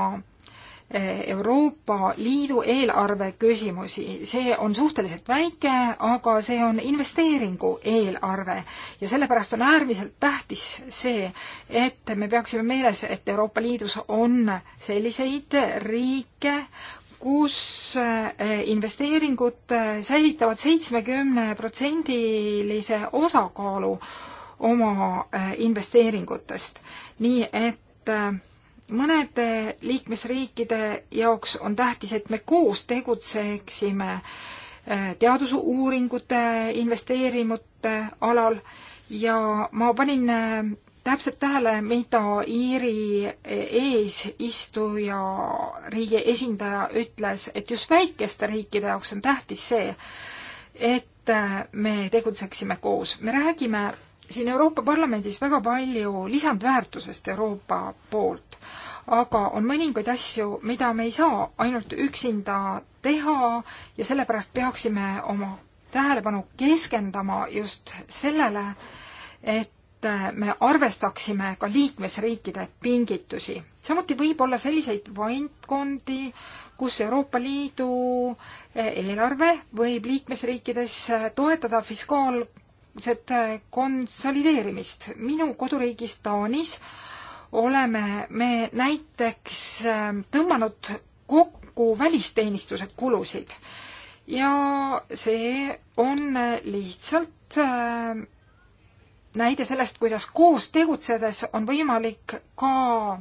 Euroopa Liidu eelarve küsimusi. see on suhteliselt väike, aga see on investeeringu eelarve ja sellepärast on äärmiselt tähtis see, et me peaksime meeles, et Euroopa Liidus on selliseid riike, kus eh, investeeringud eh, säilitavad seitsmekümneprotsendilise osakaalu oma eh, investeeringutest, nii et mõnede liikmesriikide jaoks on tähtis, et me koos tegutseksime äh, teadusuuringute investeeringute alal ja ma panin äh, täpselt tähele, mida Iiri äh, eesistuja riigi esindaja ütles, et just väikeste riikide jaoks on tähtis see, et me tegutseksime koos. me räägime siin Euroopa Parlamendis väga palju lisandväärtusest Euroopa poolt, aga on mõningaid asju, mida me ei saa ainult üksinda teha ja sellepärast peaksime oma tähelepanu keskendama just sellele, et me arvestaksime ka liikmesriikide pingitusi. samuti võib olla selliseid valdkondi, kus Euroopa Liidu eelarve võib liikmesriikides toetada fiskaal- regionaalset äh, konsolideerimist. minu koduriigis Taanis oleme me näiteks äh, tõmmanud kokku välisteenistuse kulusid ja see on äh, lihtsalt näide sellest, kuidas koos tegutsedes on võimalik ka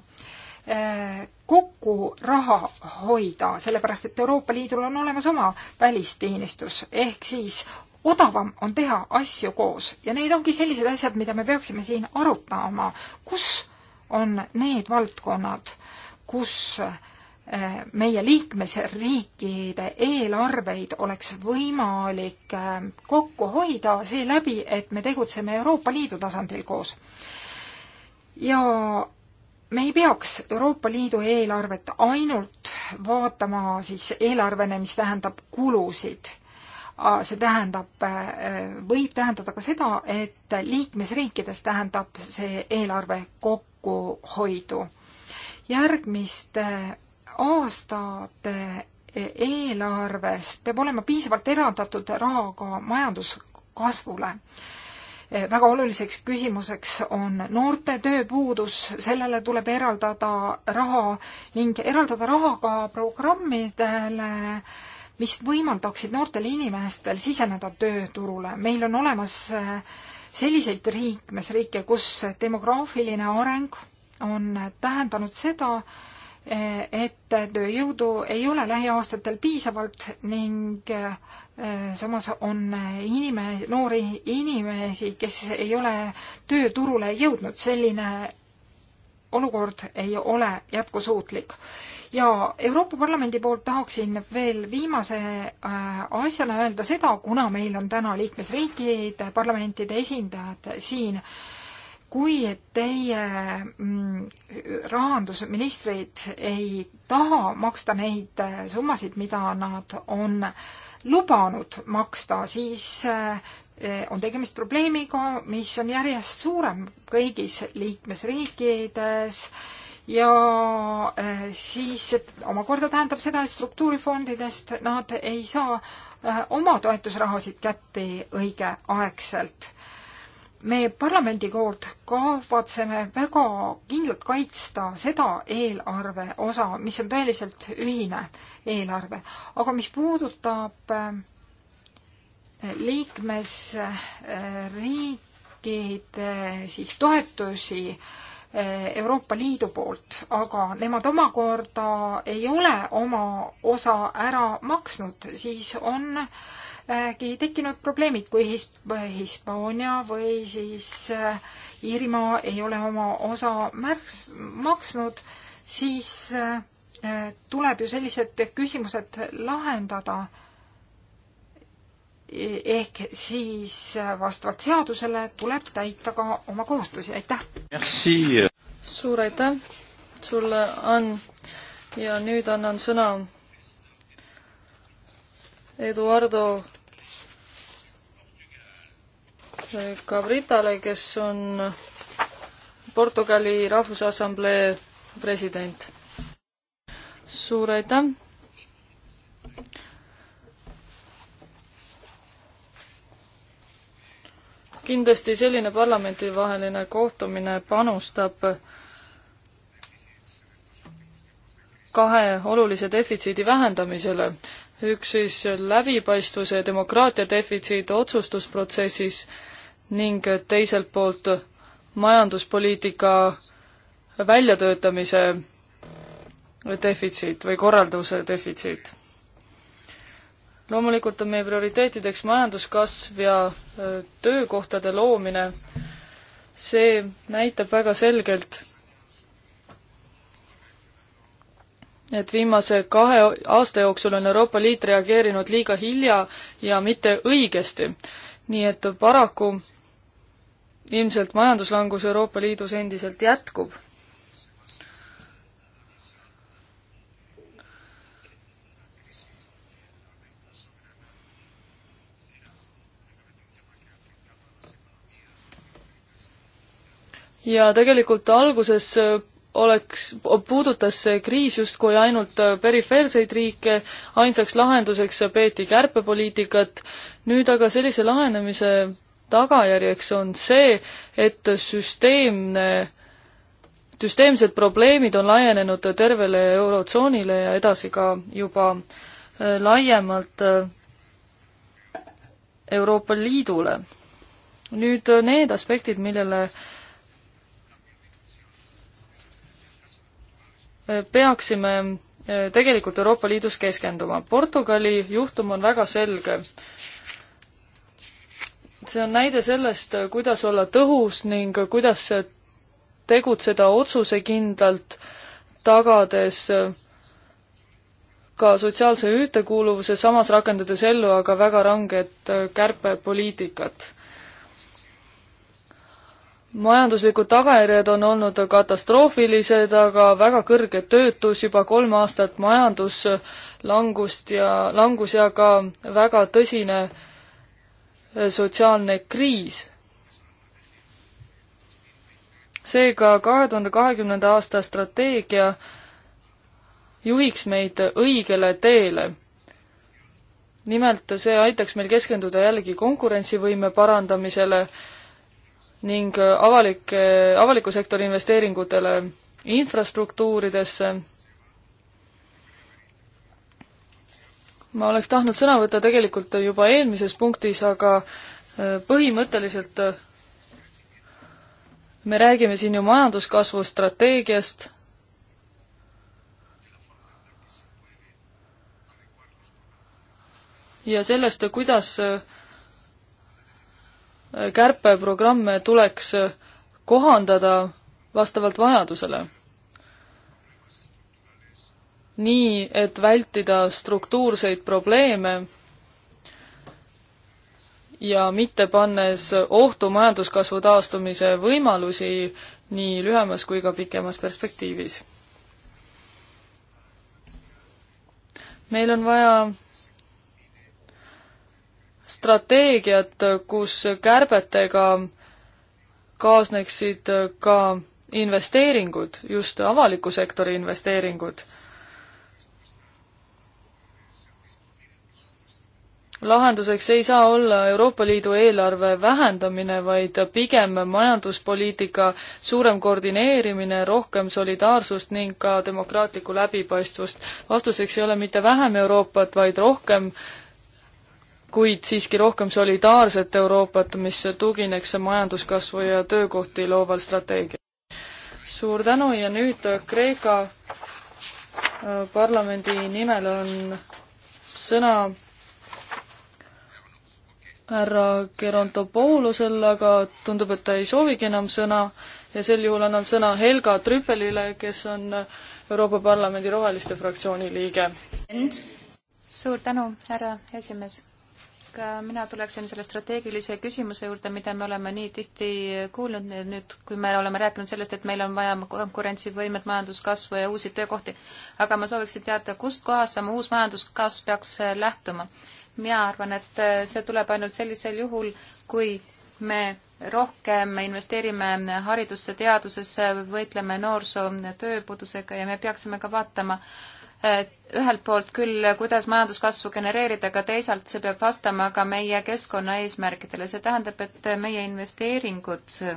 kokku raha hoida, sellepärast et Euroopa Liidul on olemas oma välisteenistus, ehk siis odavam on teha asju koos ja need ongi sellised asjad, mida me peaksime siin arutama, kus on need valdkonnad, kus eh, meie liikmesriikide eelarveid oleks võimalik eh, kokku hoida seeläbi, et me tegutseme Euroopa Liidu tasandil koos. ja me ei peaks Euroopa Liidu eelarvet ainult vaatama siis eelarvena, mis tähendab kulusid see tähendab, äh, võib tähendada ka seda, et liikmesriikides tähendab see eelarve kokkuhoidu. järgmiste aastate eelarves peab olema piisavalt eraldatud raha ka majanduskasvule. Äh, väga oluliseks küsimuseks on noorte tööpuudus, sellele tuleb eraldada raha ning eraldada raha ka programmidele äh, mis võimaldaksid noortel inimestel siseneda tööturule. meil on olemas äh, selliseid liikmesriike, kus demograafiline areng on tähendanud seda, äh, et tööjõudu ei ole lähiaastatel piisavalt ning äh, samas on inime-, noori inimesi, kes ei ole tööturule jõudnud, selline olukord ei ole jätkusuutlik ja Euroopa Parlamendi poolt tahaksin veel viimase äh, asjana öelda seda, kuna meil on täna liikmesriikide parlamentide esindajad siin, kui teie mm, rahandusministrid ei taha maksta neid äh, summasid, mida nad on lubanud maksta, siis äh, on tegemist probleemiga, mis on järjest suurem kõigis liikmesriikides äh, ja eh, siis omakorda tähendab seda, et struktuurifondidest nad ei saa eh, oma toetusrahasid kätte õigeaegselt. me parlamendi poolt kavatseme väga kindlalt kaitsta seda eelarve osa, mis on tõeliselt ühine eelarve, aga mis puudutab eh, liikmesriikide siis toetusi äh, Euroopa Liidu poolt, aga nemad omakorda ei ole oma osa ära maksnud, siis on tekkinud probleemid, kui Hispaania või siis äh, Iirimaa ei ole oma osa märks-, maksnud, siis äh, tuleb ju sellised küsimused lahendada ehk siis äh, vastavalt seadusele tuleb täita ka oma kohustusi, aitäh! suur
aitäh sulle, Ann! ja nüüd annan sõna Eduardo Cabritale, kes on Portugali Rahvusassamblee president. suur aitäh! kindlasti selline parlamendivaheline kohtumine panustab kahe olulise defitsiidi vähendamisele. üks siis läbipaistvuse ja demokraatia defitsiit otsustusprotsessis ning teiselt poolt majanduspoliitika väljatöötamise defitsiit või korralduse defitsiit loomulikult on meie prioriteetideks majanduskasv ja töökohtade loomine. see näitab väga selgelt, et viimase kahe aasta jooksul on Euroopa Liit reageerinud liiga hilja ja mitte õigesti. nii et paraku ilmselt majanduslangus Euroopa Liidus endiselt jätkub ja tegelikult alguses äh, oleks, puudutas see kriis justkui ainult äh, perifeerseid riike, ainsaks lahenduseks peeti kärpepoliitikat, nüüd aga sellise lahenemise tagajärjeks on see, et süsteemne, süsteemsed probleemid on laienenud tervele Eurotsoonile ja edasi ka juba äh, laiemalt Euroopa Liidule. nüüd need aspektid, millele äh, peaksime eh, tegelikult Euroopa Liidus keskenduma. Portugali juhtum on väga selge. see on näide sellest, eh, kuidas olla tõhus ning kuidas tegutseda otsusekindlalt, tagades eh, ka sotsiaalse ühtekuuluvuse, samas rakendades ellu aga väga ranget kärpepoliitikat majanduslikud tagajärjed on olnud katastroofilised, aga väga kõrge töötus, juba kolm aastat majanduslangust ja langus ja ka väga tõsine eh, sotsiaalne kriis. seega kahe tuhande kahekümnenda aasta strateegia juhiks meid õigele teele. nimelt see aitaks meil keskenduda jällegi konkurentsivõime parandamisele, ning äh, avalike, äh, avaliku sektori investeeringutele infrastruktuuridesse. ma oleks tahtnud sõna võtta tegelikult juba eelmises punktis, aga äh, põhimõtteliselt me räägime siin ju majanduskasvu strateegiast, ja sellest, kuidas kärpeprogramme tuleks kohandada vastavalt vajadusele. nii, et vältida struktuurseid probleeme ja mitte pannes ohtu majanduskasvu taastumise võimalusi nii lühemas kui ka pikemas perspektiivis. meil on vaja strateegiat, kus kärbetega kaasneksid ka investeeringud, just avaliku sektori investeeringud. lahenduseks ei saa olla Euroopa Liidu eelarve vähendamine, vaid pigem majanduspoliitika suurem koordineerimine, rohkem solidaarsust ning ka demokraatlikku läbipaistvust. vastuseks ei ole mitte vähem Euroopat, vaid rohkem äh, kuid siiski rohkem solidaarset Euroopat, mis tugineks majanduskasvu ja töökohti looval strateegial. suur tänu ja nüüd Kreeka äh, parlamendi nimel on sõna härra Gerontopoulusel, aga tundub, et ta ei soovigi enam sõna ja sel juhul annan sõna Helga Trüppelile, kes on Euroopa Parlamendi Roheliste fraktsiooni liige.
suur tänu, härra esimees ka äh, mina tuleksin selle strateegilise küsimuse juurde, mida me oleme nii tihti kuulnud nüüd, kui me oleme rääkinud sellest, et meil on vaja konkurentsivõimet, majanduskasvu ja uusi töökohti. aga ma sooviksin teada, kust kohast see uus majanduskasv peaks äh, lähtuma? mina arvan, et äh, see tuleb ainult sellisel juhul, kui me rohkem investeerime haridusse, teadusesse, võitleme noorsoo tööpuudusega ja me peaksime ka vaatama äh, Äh, ühelt poolt küll, kuidas majanduskasvu genereerida, aga teisalt see peab vastama ka meie keskkonnaeesmärkidele. see tähendab, et meie investeeringud äh,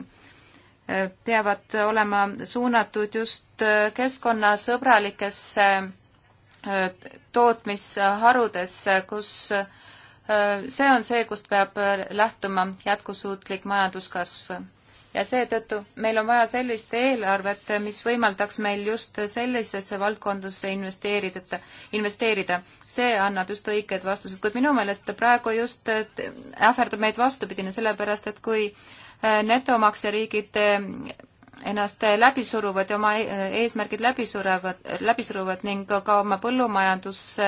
peavad olema suunatud just äh, keskkonnasõbralikesse tootmisharudesse, kus see on see, kust peab lähtuma jätkusuutlik majanduskasv ja seetõttu meil on vaja sellist eelarvet, mis võimaldaks meil just sellisesse valdkondusse investeerida, investeerida. see annab just õiged vastused, kuid minu meelest praegu just äh, ähvardab meid vastupidine, sellepärast et kui äh, netomaksjariigid äh, ennast läbi suruvad ja oma eesmärgid läbi surevad, läbi suruvad ning ka oma põllumajanduse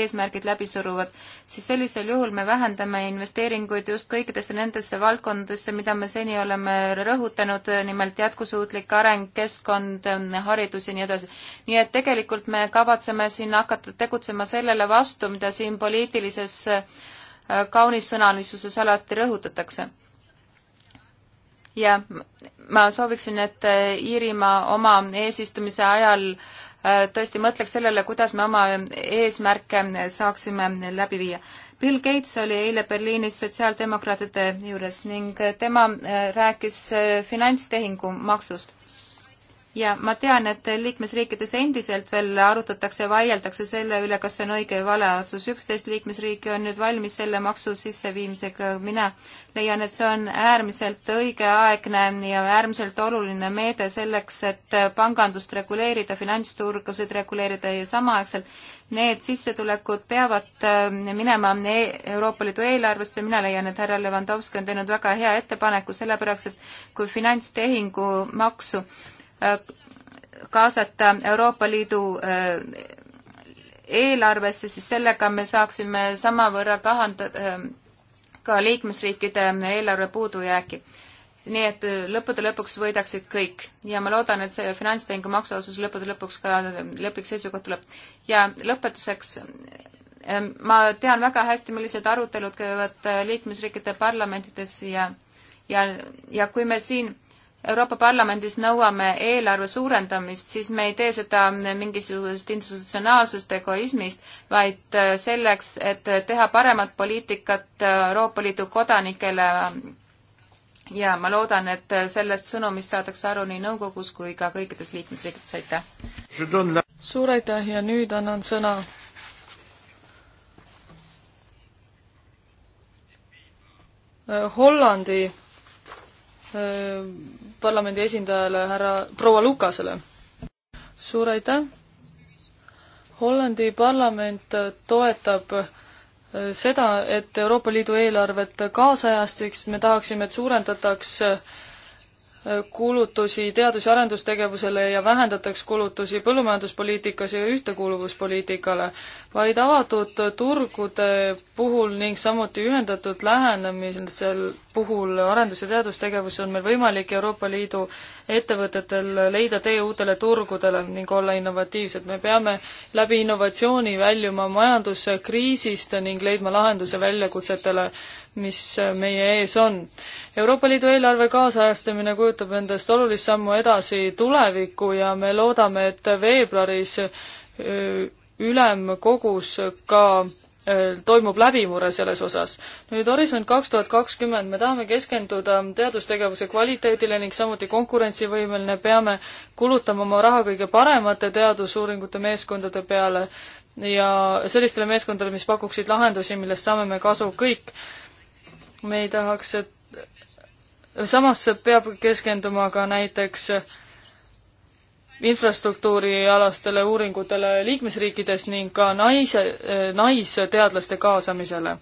eesmärgid läbi suruvad, siis sellisel juhul me vähendame investeeringuid just kõikidesse nendesse valdkondadesse, mida me seni oleme rõhutanud, nimelt jätkusuutlik areng, keskkond, haridus ja nii edasi. nii et tegelikult me kavatseme siin hakata tegutsema sellele vastu, mida siin poliitilises äh, kaunissõnalisuses alati rõhutatakse ja ma sooviksin, et äh, Iirimaa oma eesistumise ajal Äh, tõesti mõtleks sellele, kuidas me oma eesmärke saaksime läbi viia. Bill Gates oli eile Berliinis sotsiaaldemokraatide juures ning tema äh, rääkis äh, finantstehingu maksust ja ma tean, et liikmesriikides endiselt veel arutatakse ja vaieldakse selle üle, kas see on õige või vale otsus. üksteist liikmesriiki on nüüd valmis selle maksu sisseviimisega. mina leian, et see on äärmiselt õigeaegne ja äärmiselt oluline meede selleks, et pangandust reguleerida, finantsturgusid reguleerida ja samaaegselt need sissetulekud peavad äh, minema e-, Euroopa Liidu eelarvesse, mina leian, et härra Levandovski on teinud väga hea ettepaneku, sellepärast et kui finantstehingu maksu Äh, kaasata Euroopa Liidu äh, eelarvesse, siis sellega me saaksime samavõrra kahandada äh, ka liikmesriikide eelarve puudujääki. nii et lõppude lõpuks võidaksid kõik ja ma loodan, et see finantstehingu maksu osas lõppude lõpuks ka lõplik seisukoht tuleb. ja lõpetuseks ma tean väga hästi, millised arutelud käivad liikmesriikide parlamentides ja ja, ja kui me siin Euroopa Parlamendis nõuame eelarve suurendamist, siis me ei tee seda mingisugusest institutsionaalsest egoismist, vaid äh, selleks, et teha paremat poliitikat äh, Euroopa Liidu kodanikele. ja ma loodan, et sellest sõnumist saadakse aru nii nõukogus kui ka kõikides liikmesriikides,
aitäh! suur aitäh ja nüüd annan sõna Hollandi Äh, parlamendi esindajale härra proua Lukasele. suur aitäh! Hollandi parlament toetab äh, seda, et Euroopa Liidu eelarvet kaasajastiks, me tahaksime, et suurendataks äh, kulutusi teadus- ja arendustegevusele ja vähendataks kulutusi põllumajanduspoliitikas ja ühtekuuluvuspoliitikale, vaid avatud turgude puhul ning samuti ühendatud lähenemisel puhul arendus- ja teadustegevus on meil võimalik Euroopa Liidu ettevõtetel leida tee uutele turgudele ning olla innovatiivsed. me peame läbi innovatsiooni väljuma majanduskriisist ning leidma lahenduse väljakutsetele, mis meie ees on. Euroopa Liidu eelarve kaasajastamine kujutab endast olulist sammu edasi tulevikku ja me loodame, et veebruaris ülemkogus ka toimub läbimurre selles osas. nüüd Horisont kaks tuhat kakskümmend, me tahame keskenduda teadustegevuse kvaliteedile ning samuti konkurentsivõimeline, peame kulutama oma raha kõige paremate teadusuuringute meeskondade peale ja sellistele meeskondadele, mis pakuksid lahendusi, millest saame me kasu kõik. me ei tahaks, et samas peab keskenduma ka näiteks äh, infrastruktuurialastele uuringutele liikmesriikides ning ka naise, naisteadlaste kaasamisele.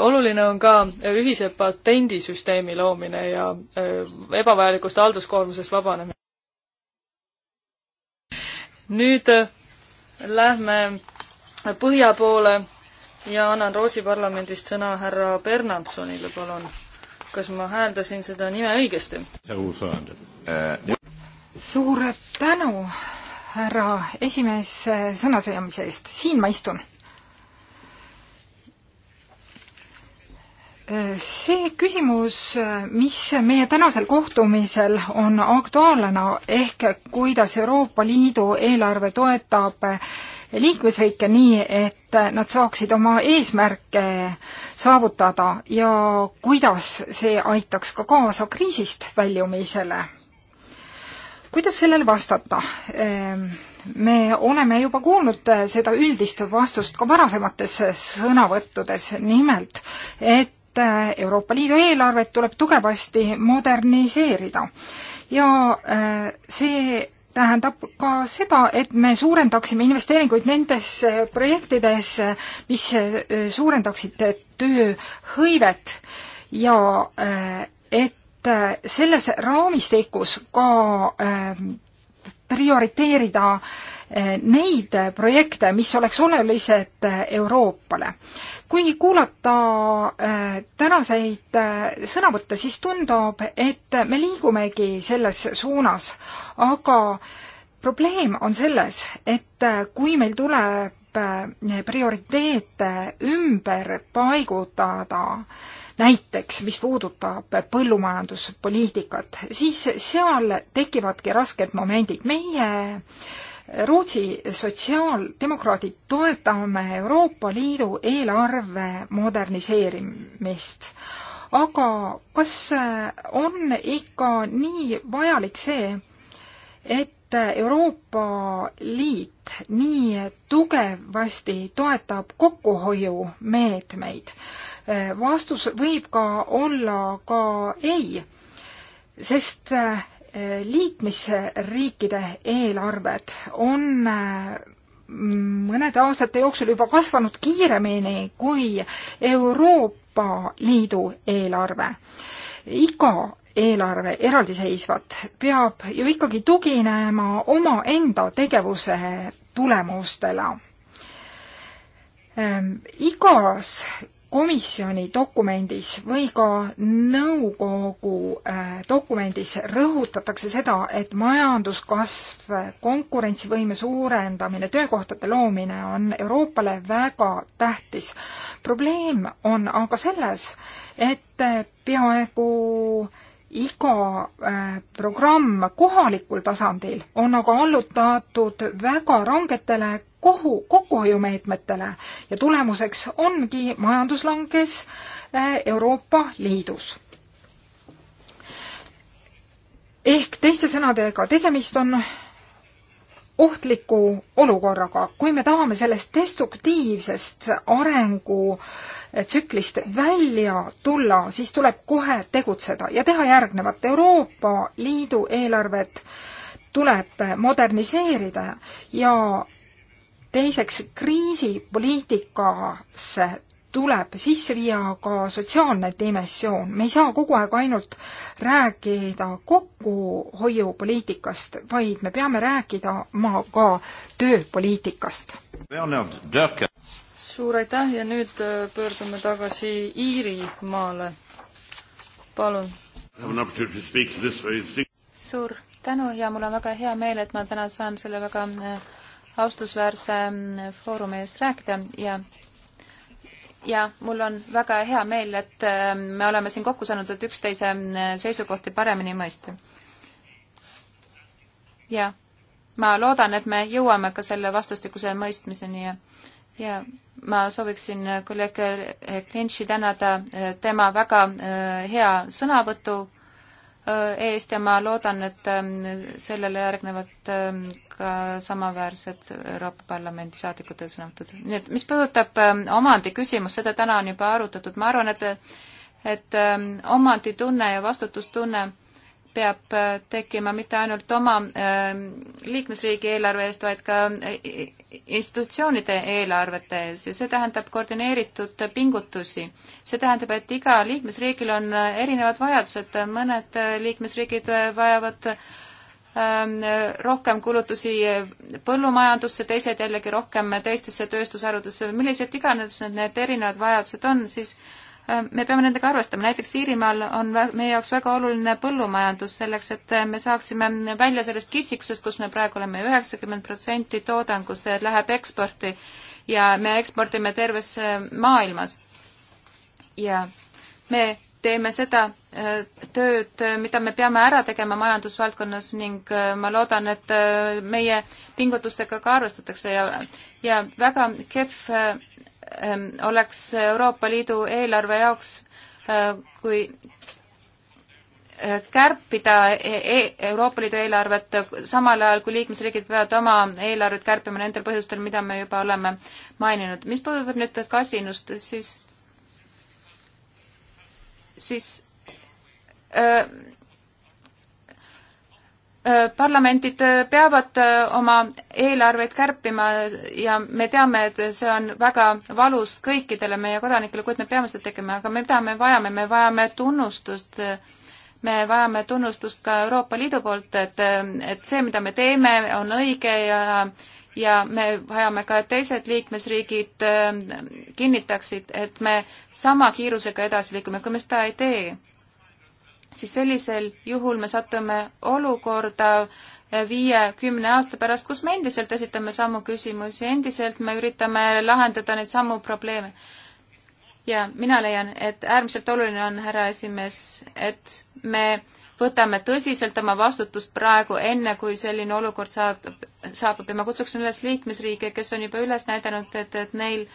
oluline on ka ühise patendisüsteemi loomine ja äh, ebavajalikust halduskoormusest vabanemine. nüüd äh, lähme põhja poole ja annan Rootsi parlamendist sõna härra Bernandsonile, palun. kas ma hääldasin seda nime õigesti?
Äh,
suur tänu,
härra esimees, äh, sõnasõjamise eest, siin ma istun. Äh, see küsimus, mis meie tänasel kohtumisel on aktuaalne, ehk kuidas Euroopa Liidu eelarve toetab liikmesriike nii, et nad saaksid oma eesmärke saavutada ja kuidas see aitaks ka kaasa kriisist väljumisele? kuidas sellele vastata? Ehm, me oleme juba kuulnud seda üldist vastust ka varasemates sõnavõttudes, nimelt et Euroopa Liidu eelarvet tuleb tugevasti moderniseerida ja eh, see tähendab ka seda, et me suurendaksime investeeringuid nendes projektides, mis äh, suurendaksid tööhõivet ja äh, et äh, selles raamistikus ka prioriteerida neid projekte, mis oleks olulised Euroopale. kui kuulata tänaseid sõnavõtte, siis tundub, et me liigumegi selles suunas, aga probleem on selles, et äh, kui meil tuleb äh, prioriteete ümber paigutada, näiteks mis puudutab põllumajanduspoliitikat, siis seal tekivadki rasked momendid. meie Rootsi sotsiaaldemokraadid toetame Euroopa Liidu eelarve moderniseerimist aga kas äh, on ikka nii vajalik see, et Euroopa Liit nii tugevasti toetab kokkuhoiumeetmeid? vastus võib ka olla ka ei, sest eh, liitmisriikide eelarved on eh, mõnede aastate jooksul juba kasvanud kiiremini kui Euroopa Liidu eelarve. iga eelarve eraldiseisvat, peab ju ikkagi tuginema omaenda tegevuse tulemustele. Ehm, igas komisjoni dokumendis või ka nõukogu eh, dokumendis rõhutatakse seda, et majanduskasv, konkurentsivõime suurendamine, töökohtade loomine on Euroopale väga tähtis. probleem on aga selles, et peaaegu iga äh, programm kohalikul tasandil on aga allutatud väga rangetele kohu, kokkuhoiumeetmetele ja tulemuseks ongi majanduslanges äh, Euroopa Liidus. ehk teiste sõnadega, tegemist on ohtliku olukorraga, kui me tahame sellest destruktiivsest arengu äh, tsüklist välja tulla, siis tuleb kohe tegutseda ja teha järgnevat. Euroopa Liidu eelarvet tuleb moderniseerida ja teiseks kriisipoliitikasse tuleb sisse viia ka sotsiaalne dimensioon. me ei saa kogu aeg ainult rääkida kokkuhoiupoliitikast, vaid me peame rääkima ka tööpoliitikast
suur aitäh ja nüüd äh, pöördume tagasi Iirimaale. palun. suur
tänu ja mul on väga hea meel, et ma täna saan selle väga äh, austusväärse mm, foorumi ees rääkida ja ja mul on väga hea meel, et äh, me oleme siin kokku saanud, et üksteise mm, seisukohti paremini mõista. ja ma loodan, et me jõuame ka selle vastastikuse mõistmiseni ja ja ma sooviksin kolleeg Klintši tänada eh, tema väga eh, hea sõnavõtu eh, eest ja ma loodan, et sellele järgnevad ka samaväärsed Euroopa Parlamendi saadikute sõnavõtud. nüüd, mis puudutab omandiküsimust, seda täna on juba arutatud, ma arvan, et et omanditunne ja vastutustunne peab äh, tekkima mitte ainult oma ähm, liikmesriigi eelarve eest, vaid ka äh, institutsioonide eelarvete ees ja see tähendab koordineeritud pingutusi. see tähendab, et iga liikmesriigil on äh, erinevad vajadused, mõned liikmesriigid vajavad ähm, rohkem kulutusi põllumajandusse, teised jällegi rohkem teistesse tööstusharudesse, millised iganes need erinevad vajadused on, siis me peame nendega arvestama, näiteks Iirimaal on meie jaoks väga oluline põllumajandus selleks, et me saaksime välja sellest kitsikusest, kus me praegu oleme, üheksakümmend protsenti toodangust läheb eksporti ja me ekspordime terves äh, maailmas. ja me teeme seda äh, tööd, äh, mida me peame ära tegema majandusvaldkonnas ning ma loodan, et meie pingutustega ka arvestatakse ja, ja väga kehv Ähm, oleks Euroopa Liidu eelarve jaoks, äh, kui äh, kärpida e, e, Euroopa Liidu eelarvet samal ajal, kui liikmesriigid peavad oma eelarvet kärpima nendel põhjustel, mida me juba oleme maininud. mis puudutab nüüd kasinust, siis, siis öö, äh, Äh, parlamendid äh, peavad äh, oma eelarveid kärpima ja me teame, et see on väga valus kõikidele meie kodanikele, kuid me peame seda tegema, aga mida me vajame, me vajame tunnustust. me vajame tunnustust ka Euroopa Liidu poolt, et, et see, mida me teeme, on õige ja ja me vajame ka, et teised liikmesriigid kinnitaksid, et me sama kiirusega edasi liigume, kui me seda ei tee siis sellisel juhul me satume olukorda eh, viie-kümne aasta pärast, kus me endiselt esitame samu küsimusi, endiselt me üritame lahendada neid samu probleeme. ja mina leian, et äärmiselt oluline on, härra esimees, et me võtame tõsiselt oma vastutust praegu, enne kui selline olukord saadab, saabub ja ma kutsuksin üles liikmesriike, kes on juba üles näidanud, et, et neil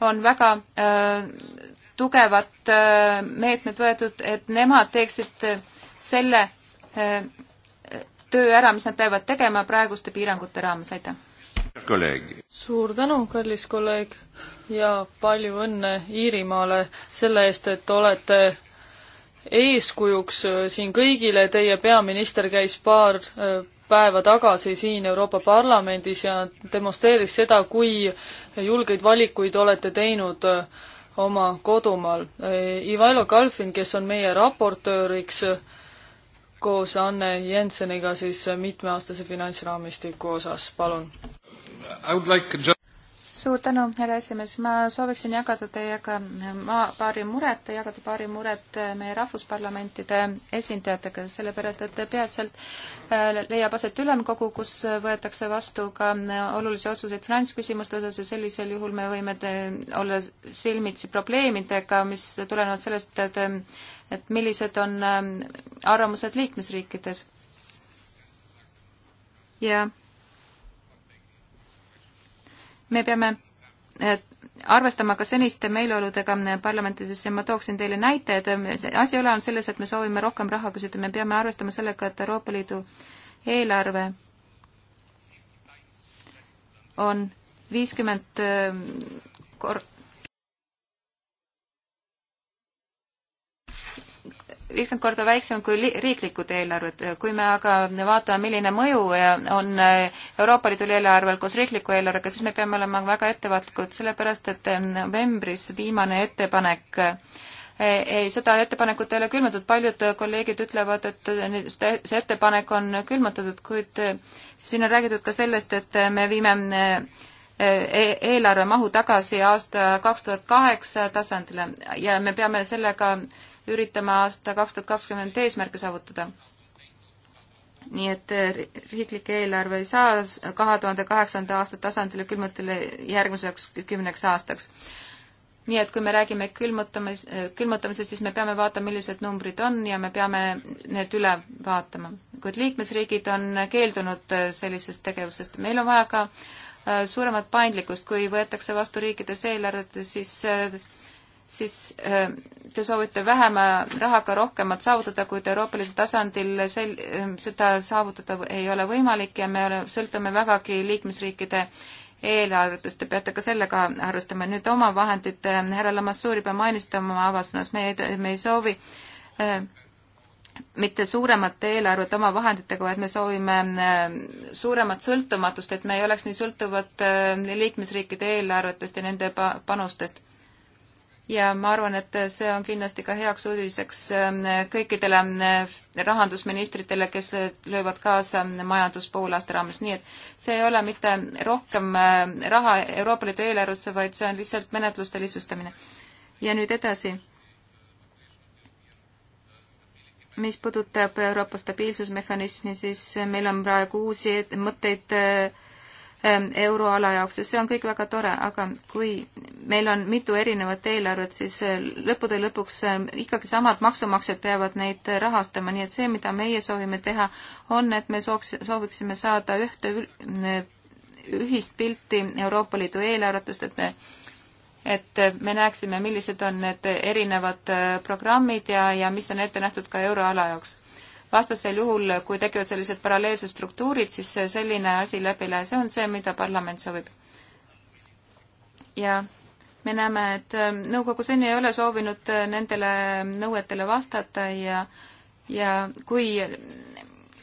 on väga öö, äh, tugevad äh, meetmed võetud, et nemad teeksid äh, selle äh,
töö ära, mis nad peavad tegema praeguste piirangute raames, aitäh! suur tänu, kallis kolleeg, ja palju õnne Iirimaale selle eest, et olete eeskujuks siin kõigile, teie peaminister käis paar päeva tagasi siin Euroopa Parlamendis ja demonstreeris seda, kui julgeid valikuid olete teinud äh, oma kodumaal. Ivailo Kalfin, kes on meie raportööriks koos Anne Jenseniga siis mitmeaastase finantsraamistiku osas, palun. Like
suur tänu, härra esimees, ma sooviksin jagada teiega ma paari muret, jagada paari muret meie rahvusparlamentide esindajatega, sellepärast et peatselt äh, leiab aset ülemkogu, kus võetakse vastu ka olulisi otsuseid finantsküsimuste osas ja sellisel juhul me võime olla silmitsi probleemidega, mis tulenevad sellest, et et millised on äh, arvamused liikmesriikides. ja me peame eh, arvestama ka seniste meeleoludega eh, parlamentides ja ma tooksin teile näite, et eh, asi ei ole ainult selles, et me soovime rohkem raha küsida, me peame arvestama sellega, et Euroopa Liidu eelarve on viiskümmend kor-, viiskümmend korda väiksem kui riiklikud eelarved. kui me aga vaatame, milline mõju on Euroopa Liidu eelarvel koos riikliku eelarvega, siis me peame olema väga ettevaatlikud, sellepärast et novembris viimane ettepanek ei, seda ettepanekut ei ole külmutatud, paljud kolleegid ütlevad, et see ettepanek on külmutatud, kuid siin on räägitud ka sellest, et me viime e-, eelarve mahu tagasi aasta kaks tuhat kaheksa tasandile ja me peame sellega üritame aasta kaks tuhat kakskümmend eesmärke saavutada. nii et eh, riiklik eelarve ei saa kahe tuhande kaheksanda aasta tasandile külmutada järgmiseks kümneks aastaks. nii et kui me räägime külmutamis, külmutamisest, siis me peame vaatama, millised numbrid on ja me peame need üle vaatama. kuid liikmesriigid on keeldunud eh, sellisest tegevusest. meil on vaja ka eh, suuremat paindlikkust, kui võetakse vastu riikides eelarved, siis siis äh, te soovite vähema rahaga rohkemat saavutada, kuid Euroopa Liidu tasandil sel-, äh, seda saavutada ei ole võimalik ja me ole, sõltume vägagi liikmesriikide eelarvetest, te peate ka sellega arvestama. nüüd omavahendid, äh, härra Lamassuur juba mainis seda oma avasõnas, me ei, me ei soovi mitte suuremat eelarvet oma vahenditega, vaid me soovime suuremat sõltumatust, et me ei oleks nii sõltuvad liikmesriikide eelarvetest ja nende panustest ja ma arvan, et see on kindlasti ka heaks uudiseks ähm, kõikidele äh, rahandusministritele, kes löövad kaasa majanduspoolaasta raames, nii et see ei ole mitte rohkem äh, raha Euroopa Liidu eelarvesse, vaid see on lihtsalt menetluste lihtsustamine. ja nüüd edasi. mis puudutab Euroopa stabiilsusmehhanismi, siis meil on praegu uusi mõtteid äh, Ähm, euroala jaoks ja see on kõik väga tore, aga kui meil on mitu erinevat eelarvet, siis äh, lõppude lõpuks ähm, ikkagi samad maksumaksjad peavad neid äh, rahastama, nii et see, mida meie soovime teha, on, et me sooks, sooviksime saada ühte äh, ühist pilti Euroopa Liidu eelarvetest, et me et me näeksime, millised on need erinevad programmid ja, ja mis on ette nähtud ka euroala jaoks vastasel juhul, kui tekivad sellised paralleelsed struktuurid, siis selline asi läbi ei lähe, see on see, mida parlament soovib. ja me näeme, et ähm, nõukogu seni ei ole soovinud äh, nendele nõuetele vastata ja, ja kui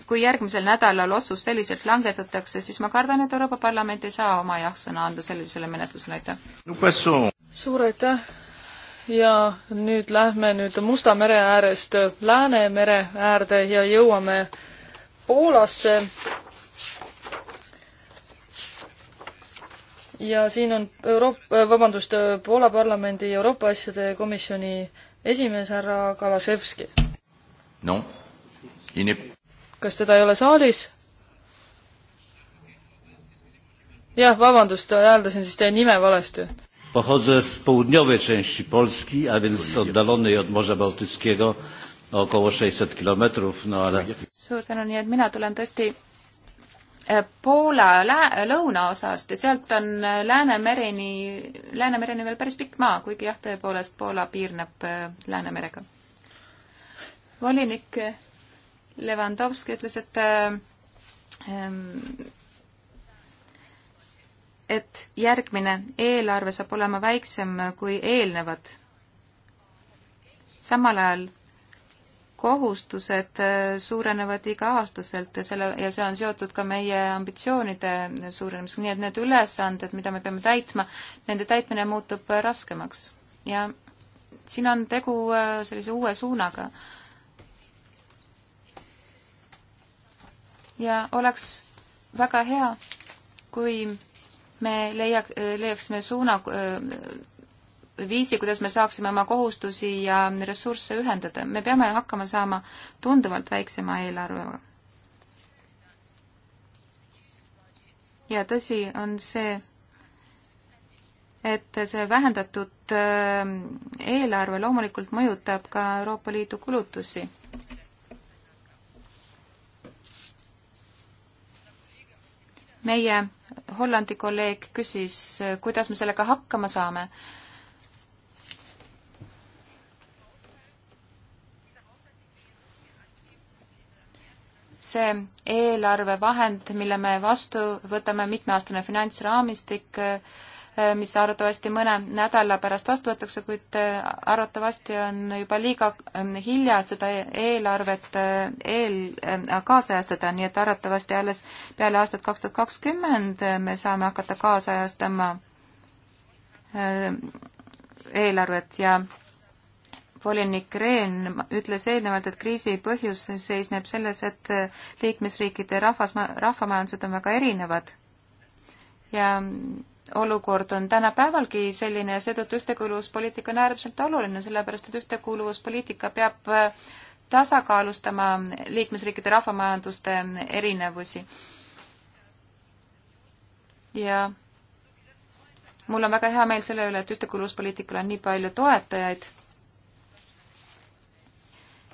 kui järgmisel nädalal otsus selliselt langetatakse, siis ma kardan, et Euroopa Parlament ei saa oma jah-sõna anda sellisele
menetlusele, aitäh. suur aitäh ja nüüd lähme nüüd Musta mere äärest Läänemere äärde ja jõuame Poolasse. ja siin on Euroopa, äh, vabandust, Poola parlamendi Euroopa asjade komisjoni esimees härra Kalaševski.
noh, inib.
kas teda ei ole saalis? jah, vabandust, hääldasin siis teie nime valesti
Pochodzę z południowej części Polski, a więc oddalonej od Morza Bałtyckiego o około 600 kilometrów, no ale... Suur tänu, nii et mina tulen tõesti eh, Poola lõunaosast ja sealt on eh, Läänemereni, Läänemereni veel päris pikk maa, kuigi jah, tõepoolest Poola piirneb eh, Läänemerega. volinik Levandovski ütles, et ähm, et järgmine eelarve saab olema väiksem kui eelnevad. samal ajal kohustused äh, suurenevad iga-aastaselt ja selle, ja see on seotud ka meie ambitsioonide suurenemisega, nii et need ülesanded, mida me peame täitma, nende täitmine muutub äh, raskemaks. ja siin on tegu äh, sellise uue suunaga. ja oleks väga hea, kui me leiaks, leiaksime suuna äh, viisi, kuidas me saaksime oma kohustusi ja ressursse ühendada. me peame hakkama saama tunduvalt väiksema eelarvega. ja tõsi on see, et see vähendatud äh, eelarve loomulikult mõjutab ka Euroopa Liidu kulutusi. meie Hollandi kolleeg küsis, kuidas me sellega hakkama saame. see eelarvevahend, mille me vastu võtame, mitmeaastane finantsraamistik, Äh, mis arvatavasti mõne nädala pärast vastu võetakse, kuid äh, arvatavasti on juba liiga ähm, hilja, et seda eelarvet äh, eel kaasajastada, nii et arvatavasti alles peale aastat kaks tuhat kakskümmend me saame hakata kaasajastama eelarvet ja volinik Rehn ütles eelnevalt, et kriisi põhjus seisneb selles, et liikmesriikide rahvas, rahvamajandused on väga erinevad ja olukord on tänapäevalgi selline ja seetõttu ühtekuuluvuspoliitika on äärmiselt oluline, sellepärast et ühtekuuluvuspoliitika peab äh, tasakaalustama liikmesriikide rahvamajanduste erinevusi. ja mul on väga hea meel selle üle, et ühtekuuluvuspoliitikal on nii palju toetajaid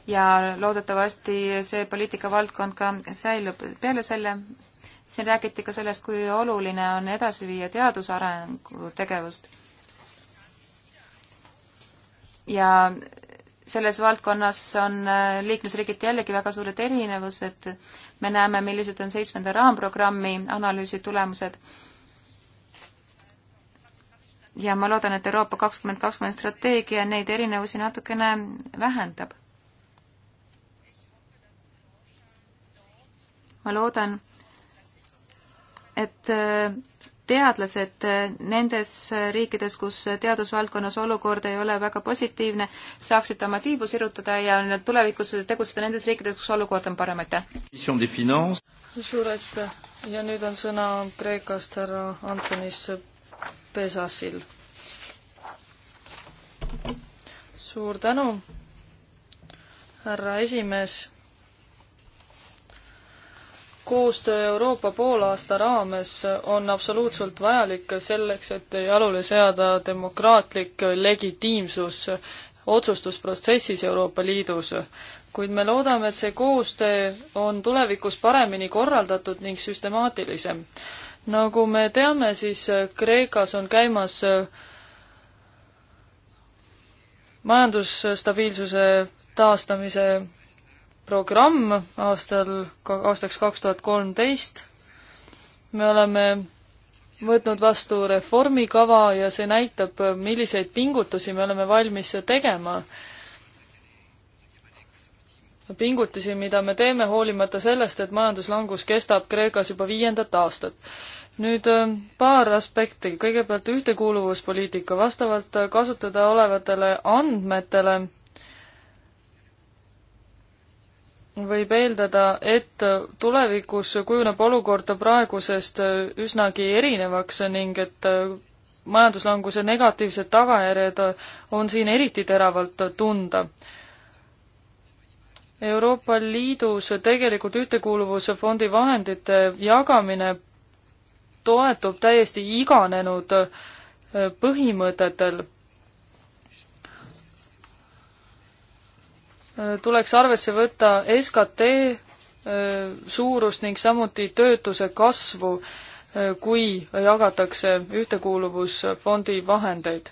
ja loodetavasti see poliitikavaldkond ka säilub. peale selle siin räägiti ka sellest, kui oluline on edasi viia teadusarengu tegevust. ja selles valdkonnas on äh, liikmesriigiti jällegi väga suured erinevused, me näeme, millised on seitsmenda raamprogrammi analüüsi tulemused ja ma loodan, et Euroopa kakskümmend kakskümmend strateegia neid erinevusi natukene vähendab. ma loodan, et äh, teadlased äh, nendes äh, riikides, kus teadusvaldkonnas olukord ei ole väga positiivne, saaksid oma tiibu sirutada ja tulevikus tegutseda nendes riikides, kus olukord on parem, aitäh!
suur aitäh ja nüüd on sõna Kreekast härra Antonis Pesasil. suur tänu, härra esimees koostöö Euroopa poolaasta raames on absoluutselt vajalik selleks, et jalule seada demokraatlik legitiimsus otsustusprotsessis Euroopa Liidus. kuid me loodame, et see koostöö on tulevikus paremini korraldatud ning süstemaatilisem. nagu me teame, siis Kreekas on käimas majandusstabiilsuse taastamise programm aastal, aastaks kaks tuhat kolmteist. me oleme võtnud vastu reformikava ja see näitab, milliseid pingutusi me oleme valmis tegema. pingutusi, mida me teeme hoolimata sellest, et majanduslangus kestab Kreekas juba viiendat aastat. nüüd äh, paar aspekti, kõigepealt ühtekuuluvuspoliitika, vastavalt kasutada olevatele andmetele võib eeldada, et tulevikus kujuneb olukord praegusest üsnagi erinevaks ning et majanduslanguse negatiivsed tagajärjed on siin eriti teravalt tunda. Euroopa Liidus tegelikult Ühtekuuluvusfondi vahendite jagamine toetub täiesti iganenud põhimõtetel tuleks arvesse võtta SKT äh, suurust ning samuti töötuse kasvu, äh, kui jagatakse Ühtekuuluvusfondi vahendeid.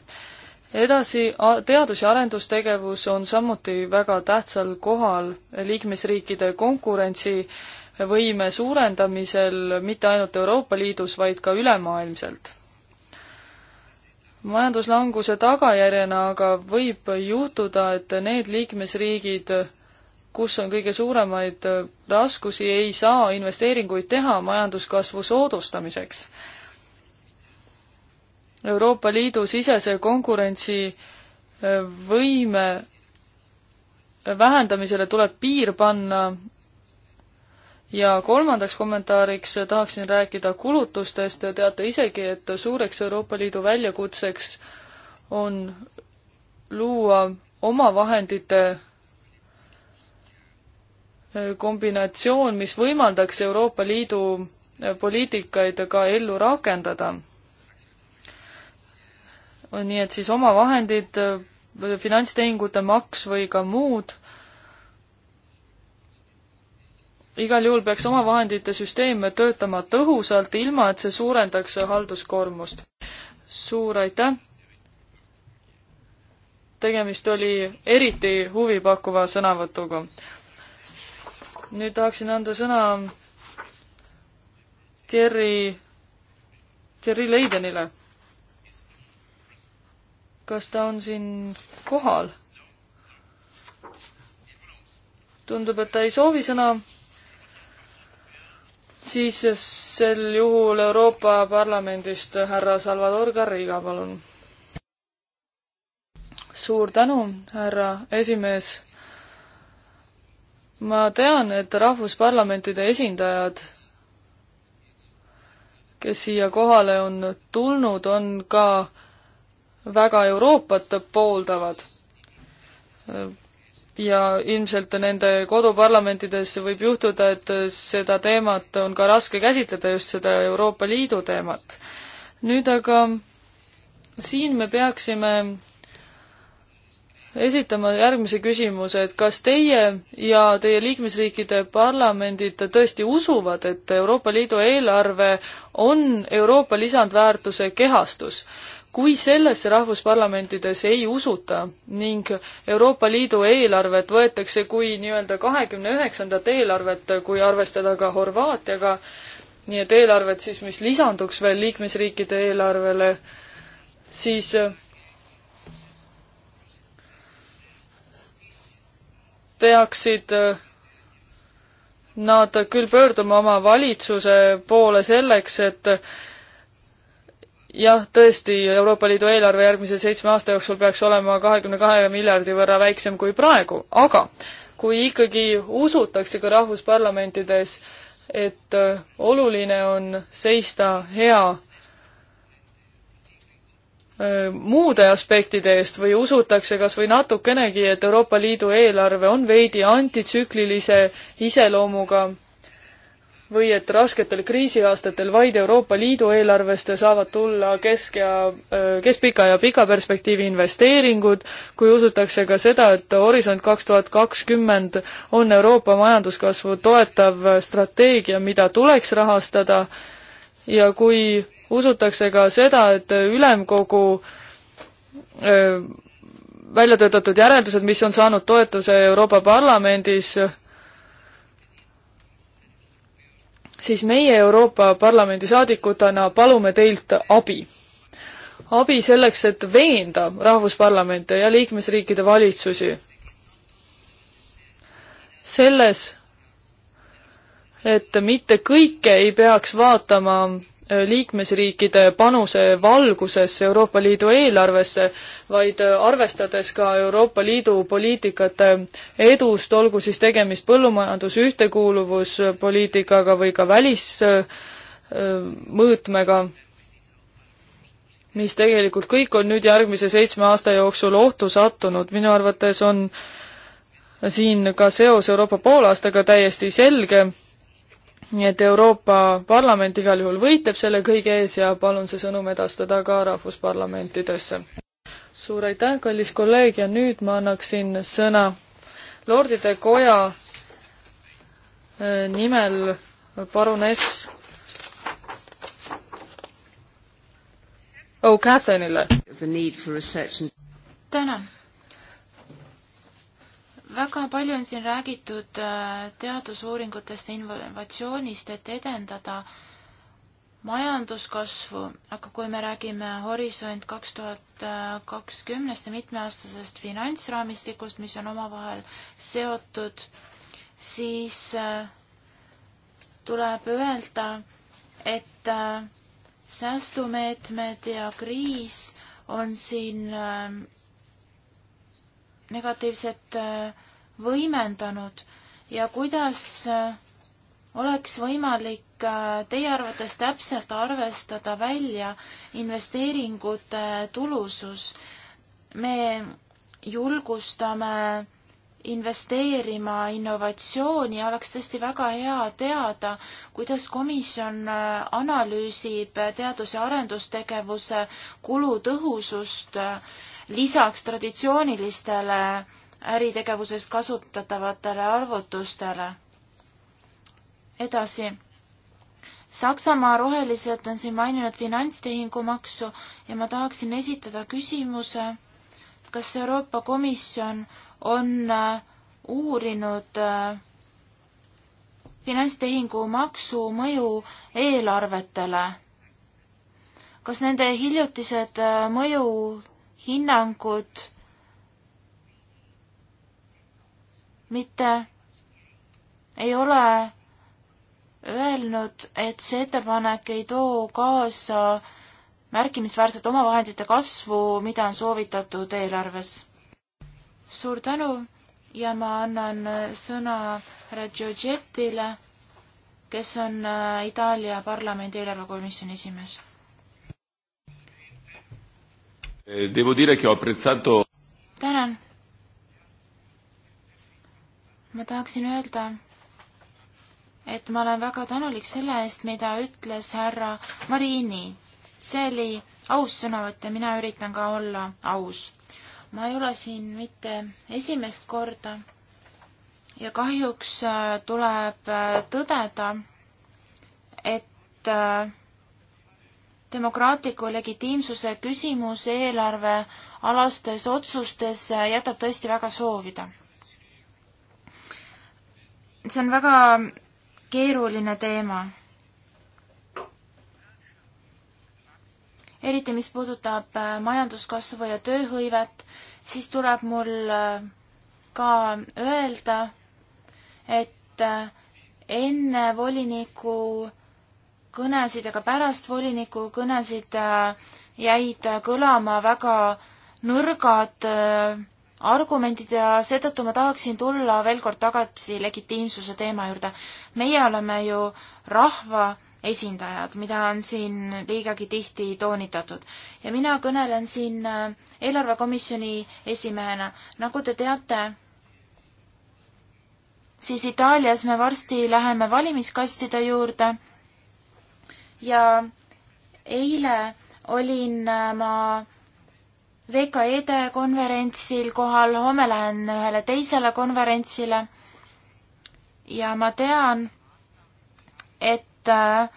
edasi, teadus- ja arendustegevus on samuti väga tähtsal kohal liikmesriikide konkurentsivõime suurendamisel mitte ainult Euroopa Liidus, vaid ka ülemaailmselt majanduslanguse tagajärjena aga võib juhtuda, et need liikmesriigid, kus on kõige suuremaid raskusi, ei saa investeeringuid teha majanduskasvu soodustamiseks. Euroopa Liidu sisese konkurentsivõime eh, vähendamisele tuleb piir panna ja kolmandaks kommentaariks tahaksin rääkida kulutustest, teate isegi, et suureks Euroopa Liidu väljakutseks on luua omavahendite kombinatsioon, mis võimaldaks Euroopa Liidu poliitikaid ka ellu rakendada. nii et siis omavahendid, finantstehingute maks või ka muud igal juhul peaks omavahendite süsteem töötama tõhusalt, ilma et see suurendaks halduskoormust. suur aitäh! tegemist oli eriti huvipakkuva sõnavõtuga. nüüd tahaksin anda sõna Thierry, Thierry Leidenile. kas ta on siin kohal? tundub, et ta ei soovi sõna siis sel juhul Euroopa Parlamendist härra Salvador Garriga, palun. suur tänu, härra esimees. ma tean, et rahvusparlamentide esindajad, kes siia kohale on tulnud, on ka väga Euroopat pooldavad ja ilmselt nende koduparlamentides võib juhtuda, et seda teemat on ka raske käsitleda, just seda Euroopa Liidu teemat. nüüd aga siin me peaksime esitama järgmise küsimuse, et kas teie ja teie liikmesriikide parlamendid tõesti usuvad, et Euroopa Liidu eelarve on Euroopa lisandväärtuse kehastus? kui sellesse rahvusparlamentides ei usuta ning Euroopa Liidu eelarvet võetakse kui nii-öelda kahekümne üheksandat eelarvet, kui arvestada ka Horvaatiaga, nii et eelarvet siis, mis lisanduks veel liikmesriikide eelarvele, siis peaksid nad küll pöörduma oma valitsuse poole selleks, et jah, tõesti, Euroopa Liidu eelarve järgmise seitsme aasta jooksul peaks olema kahekümne kahe miljardi võrra väiksem kui praegu, aga kui ikkagi usutakse ka rahvusparlamentides, et äh, oluline on seista hea äh, muude aspektide eest või usutakse kas või natukenegi, et Euroopa Liidu eelarve on veidi antitsüklilise iseloomuga või et rasketel kriisiaastatel vaid Euroopa Liidu eelarvest saavad tulla kesk- ja, keskpika ja pika perspektiivi investeeringud, kui usutakse ka seda, et Horisont kaks tuhat kakskümmend on Euroopa majanduskasvu toetav strateegia, mida tuleks rahastada, ja kui usutakse ka seda, et ülemkogu öö, välja töötatud järeldused, mis on saanud toetuse Euroopa Parlamendis, siis meie Euroopa Parlamendi saadikutena palume teilt abi. abi selleks, et veenda rahvusparlamente ja liikmesriikide valitsusi selles, et mitte kõike ei peaks vaatama Äh, liikmesriikide panuse valguses Euroopa Liidu eelarvesse, vaid äh, arvestades ka Euroopa Liidu poliitikate edust, olgu siis tegemist põllumajandus ühtekuuluvuspoliitikaga või ka välismõõtmega äh, mis tegelikult kõik on nüüd järgmise seitsme aasta jooksul ohtu sattunud, minu arvates on siin ka seos Euroopa poolaastaga täiesti selge nii et Euroopa Parlament igal juhul võitleb selle kõige ees ja palun see sõnum edastada ka rahvusparlamentidesse. suur aitäh, kallis kolleeg, ja nüüd ma annaksin sõna Lordide Koja eh, nimel paruness O'Cathanile.
tänan väga palju on siin räägitud äh, teadusuuringutest ja innovatsioonist, et edendada majanduskasvu, aga kui me räägime Horisont kaks tuhat kakskümnest ja mitmeaastasest finantsraamistikust, mis on omavahel seotud, siis äh, tuleb öelda, et äh, säästumeetmed ja kriis on siin negatiivset äh, võimendanud ja kuidas äh, oleks võimalik äh, teie arvates täpselt arvestada välja investeeringute tulusus? me julgustame investeerima innovatsiooni ja oleks tõesti väga hea teada, kuidas komisjon analüüsib teadus- ja arendustegevuse kulutõhusust lisaks traditsioonilistele äritegevuses kasutatavatele arvutustele. edasi. Saksamaa rohelised on siin maininud finantstehingumaksu ja ma tahaksin esitada küsimuse, kas Euroopa Komisjon on äh, uurinud äh, finantstehingumaksu mõju eelarvetele kas nende hiljutised äh, mõju hinnangud, mitte ei ole öelnud, et see ettepanek ei too kaasa märkimisväärset omavahendite kasvu, mida on soovitatud eelarves. suur tänu ja ma annan sõna härra Giorgettile, kes on äh, Itaalia parlamendi eelarvekomisjoni esimees Eh, tänan. ma tahaksin öelda, et ma olen väga tänulik selle eest, mida ütles härra Marini. see oli aus sõnavõtt ja mina üritan ka olla aus. ma ei ole siin mitte esimest korda ja kahjuks äh, tuleb äh, tõdeda, et äh, demokraatliku legitiimsuse küsimus eelarvealastes otsustes äh, jätab tõesti väga soovida. see on väga keeruline teema. eriti, mis puudutab äh, majanduskasvu ja tööhõivet, siis tuleb mul äh, ka öelda, et enne voliniku kõnesid, aga pärast voliniku kõnesid äh, jäid äh, kõlama väga nõrgad äh, argumendid ja seetõttu ma tahaksin tulla veel kord tagasi legitiimsuse teema juurde. meie oleme ju rahva esindajad, mida on siin liigagi tihti toonitatud. ja mina kõnelen siin eelarvekomisjoni esimehena. nagu te teate, siis Itaalias me varsti läheme valimiskastide juurde ja eile olin äh, ma VKE-de konverentsil kohal, homme lähen ühele teisele konverentsile ja ma tean, et äh,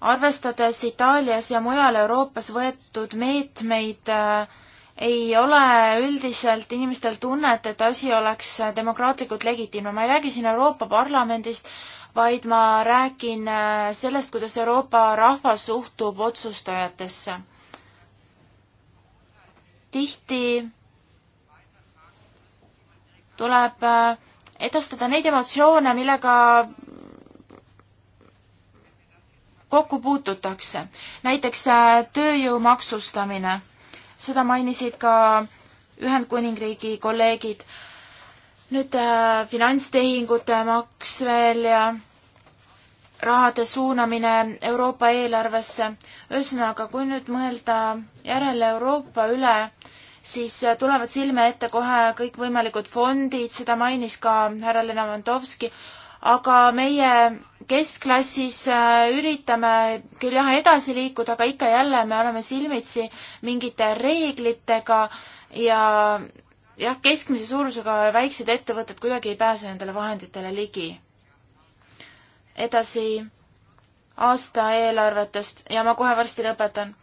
arvestades Itaalias ja mujal Euroopas võetud meetmeid, äh, ei ole üldiselt inimestel tunnet, et asi oleks demokraatlikult legitiimne. ma ei räägi siin Euroopa Parlamendist, vaid ma räägin äh, sellest, kuidas Euroopa rahvas suhtub otsustajatesse. tihti tuleb äh, edastada neid emotsioone, millega kokku puututakse. näiteks äh, tööjõu maksustamine, seda mainisid ka Ühendkuningriigi kolleegid nüüd äh, finantstehingute maks veel ja rahade suunamine Euroopa eelarvesse. ühesõnaga, kui nüüd mõelda järele Euroopa üle, siis äh, tulevad silme ette kohe kõikvõimalikud fondid, seda mainis ka härra Lenovantovski, aga meie keskklassis äh, üritame küll jah edasi liikuda, aga ikka jälle me oleme silmitsi mingite reeglitega ja jah, keskmise suurusega väiksed ettevõtted kuidagi ei pääse nendele vahenditele ligi. edasi aasta eelarvetest ja ma kohe varsti lõpetan.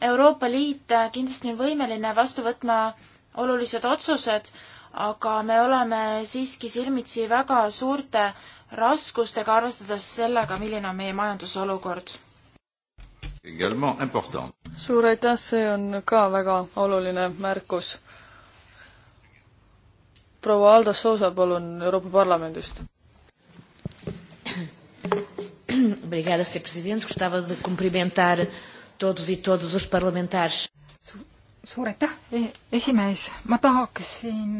Euroopa Liit kindlasti on võimeline vastu võtma olulised otsused, aga me oleme siiski silmitsi väga suurte raskustega, arvestades sellega, milline on meie
majanduse olukord. suur aitäh, see on ka väga oluline märkus proua Aldo Sousa, palun, Euroopa Parlamendist.
Obrigada, Sr. Presidente. Gostava de cumprimentar todos e todos
os parlamentares. suur aitäh, e-, esimees. ma tahaksin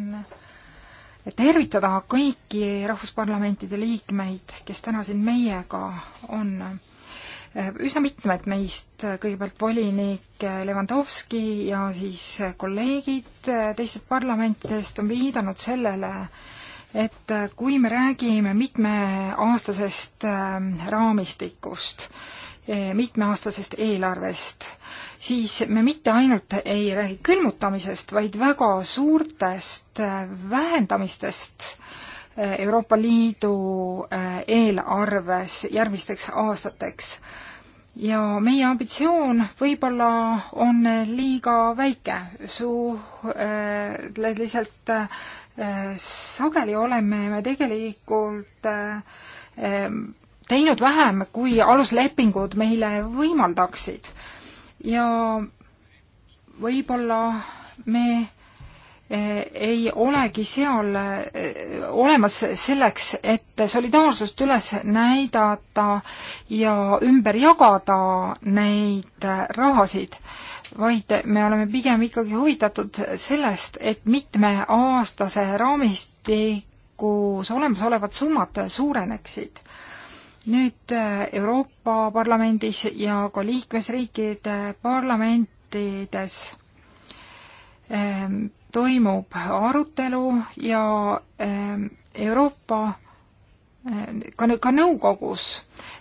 tervitada kõiki rahvusparlamentide liikmeid, kes täna siin meiega on üsna mitmed meist, kõigepealt volinik Levanovski ja siis kolleegid teistest parlamentidest on viidanud sellele, et kui me räägime mitmeaastasest ähm, raamistikust, e, mitmeaastasest eelarvest, siis me mitte ainult ei räägi külmutamisest, vaid väga suurtest äh, vähendamistest äh, Euroopa Liidu äh, eelarves järgmisteks aastateks ja meie ambitsioon võib-olla on liiga väike, suhteliselt äh, äh, sageli oleme me tegelikult äh, teinud vähem, kui aluslepingud meile võimaldaksid. ja võib-olla me Eh, ei olegi seal eh, olemas selleks, et solidaarsust üles näidata ja ümber jagada neid rahasid, vaid me oleme pigem ikkagi huvitatud sellest, et mitmeaastase raamistikus olemasolevad summad suureneksid. nüüd eh, Euroopa Parlamendis ja ka liikmesriikide parlamentides toimub arutelu ja ähm, Euroopa äh, ka, ka nõukogus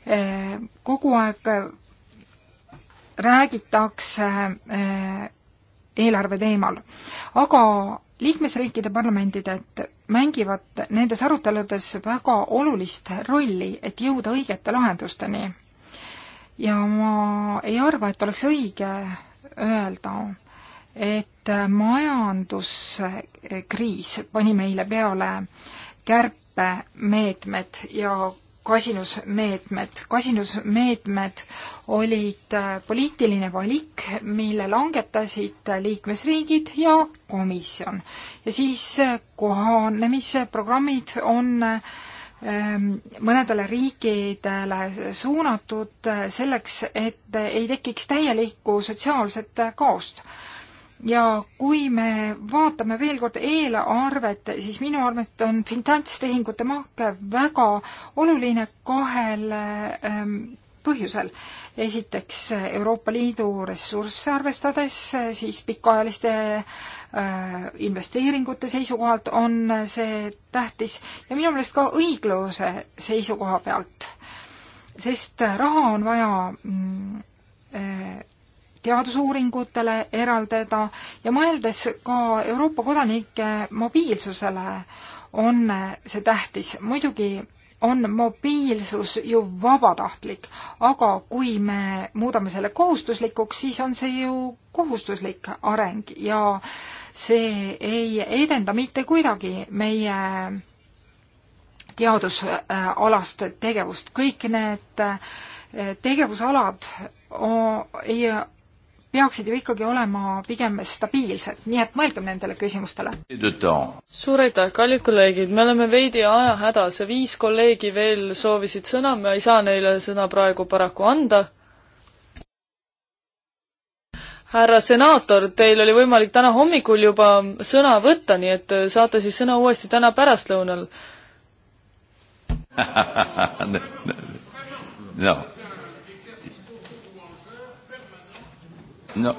äh, kogu aeg äh, räägitakse eelarve teemal, aga liikmesriikide parlamendid mängivad nendes aruteludes väga olulist rolli, et jõuda õigete lahendusteni. ja ma ei arva, et oleks õige öelda, et majanduskriis pani meile peale kärpemeetmed ja kasinusmeetmed. kasinusmeetmed olid poliitiline valik, mille langetasid liikmesriigid ja komisjon. ja siis kohanemisprogrammid on ähm, mõnedele riikidele suunatud selleks, et ei tekiks täielikku sotsiaalset kaost ja kui me vaatame veel kord eelarvet, siis minu arvates on finantstehingute mahk väga oluline kahel ähm, põhjusel. esiteks Euroopa Liidu ressursse arvestades, äh, siis pikaajaliste äh, investeeringute seisukohalt on see tähtis ja minu meelest ka õigluse seisukoha pealt, sest raha on vaja mm, äh, teadusuuringutele eraldada ja mõeldes ka Euroopa kodanike mobiilsusele, on see tähtis. muidugi on mobiilsus ju vabatahtlik, aga kui me muudame selle kohustuslikuks, siis on see ju kohustuslik areng ja see ei edenda mitte kuidagi meie teadusalast tegevust, kõik need tegevusalad ei peaksid ju ikkagi olema pigem stabiilsed, nii et mõelgem nendele küsimustele.
suur aitäh, kallid kolleegid, me oleme veidi ajahädas, viis kolleegi veel soovisid sõna, ma ei saa neile sõna praegu paraku anda. härra senaator, teil oli võimalik täna hommikul juba sõna võtta, nii et saate siis sõna uuesti täna pärastlõunal (laughs) no
no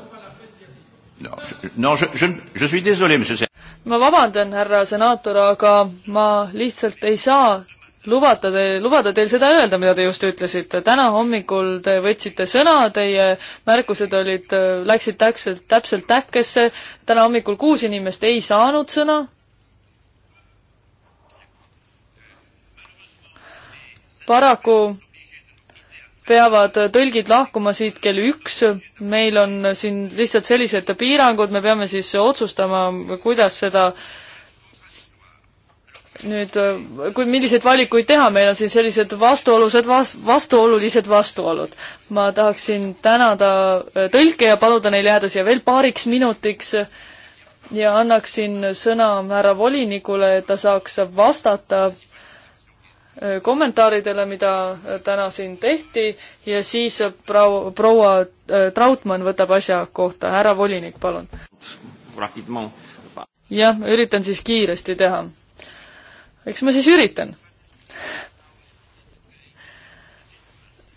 no, no je, je, je suis désolé, monsieur Sen-.
ma vabandan, härra senaator, aga ma lihtsalt ei saa lubata te, lubada teil seda öelda, mida te just ütlesite. täna hommikul te võtsite sõna, teie märkused olid, läksid täpselt, täpselt täkkesse. täna hommikul kuus inimest ei saanud sõna. paraku peavad tõlgid lahkuma siit kell üks, meil on siin lihtsalt sellised piirangud, me peame siis otsustama, kuidas seda nüüd, kui, milliseid valikuid teha, meil on siin sellised vastuolused vas,, vastuolulised vastuolud. ma tahaksin tänada äh, tõlke ja paluda neil jääda siia veel paariks minutiks ja annaksin sõna härra volinikule, et ta saaks vastata Äh, kommentaaridele, mida äh, täna siin tehti ja siis äh, proua, proua Trautmann võtab asja kohta. härra volinik, palun. jah, üritan siis kiiresti teha. eks ma siis üritan.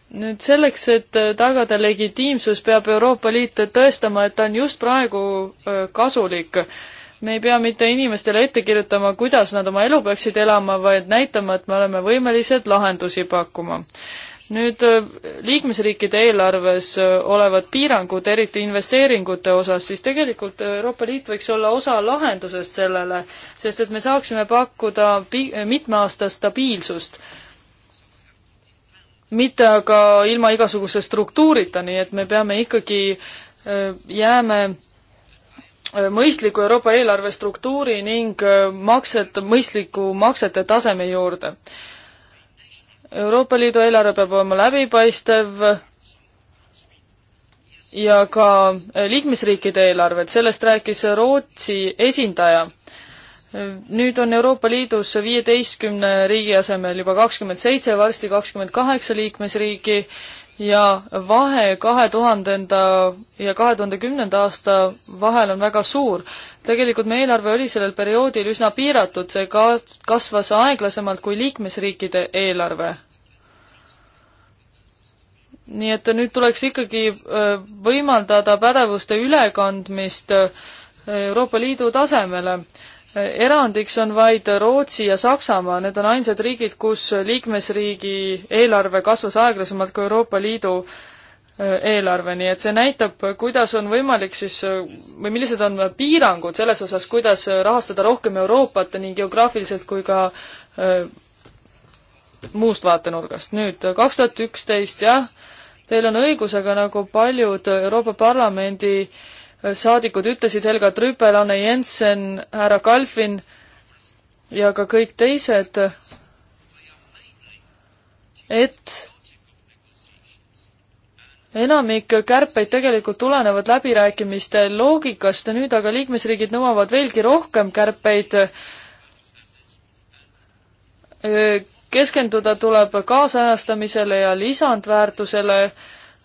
nüüd selleks, et tagada legitiimsus, peab Euroopa Liit tõestama, et ta on just praegu kasulik me ei pea mitte inimestele ette kirjutama, kuidas nad oma elu peaksid elama, vaid näitama, et me oleme võimelised lahendusi pakkuma. nüüd äh, liikmesriikide eelarves äh, olevad piirangud, eriti investeeringute osas, siis tegelikult Euroopa Liit võiks olla osa lahendusest sellele, sest et me saaksime pakkuda pi-, mitmeaastast stabiilsust mitte aga ilma igasuguse struktuurita, nii et me peame ikkagi, äh, jääme Äh, mõistliku Euroopa eelarve struktuuri ning äh, makset, mõistliku maksete taseme juurde. Euroopa Liidu eelarve peab olema läbipaistev ja ka äh, liikmesriikide eelarved, sellest rääkis Rootsi esindaja. nüüd on Euroopa Liidus viieteistkümne riigi asemel juba kakskümmend seitse, varsti kakskümmend kaheksa liikmesriiki ja vahe kahe tuhandenda ja kahe tuhande kümnenda aasta vahel on väga suur. tegelikult meie eelarve oli sellel perioodil üsna piiratud, see ka-, kasvas aeglasemalt kui liikmesriikide eelarve. nii et nüüd tuleks ikkagi võimaldada pädevuste ülekandmist Euroopa Liidu tasemele erandiks on vaid Rootsi ja Saksamaa, need on ainsad riigid, kus liikmesriigi eelarve kasvas aeglasemalt kui Euroopa Liidu äh, eelarve, nii et see näitab, kuidas on võimalik siis äh, või millised on piirangud selles osas, kuidas äh, rahastada rohkem Euroopat nii geograafiliselt kui ka äh, muust vaatenurgast. nüüd kaks tuhat üksteist, jah, teil on õigus, aga nagu paljud Euroopa Parlamendi äh, saadikud ütlesid, Helga Trüppel, Anne Jensen, härra Kalfin ja ka kõik teised, et enamik kärpeid tegelikult tulenevad läbirääkimiste loogikast ja nüüd aga liikmesriigid nõuavad veelgi rohkem kärpeid. keskenduda tuleb kaasajastamisele ja lisandväärtusele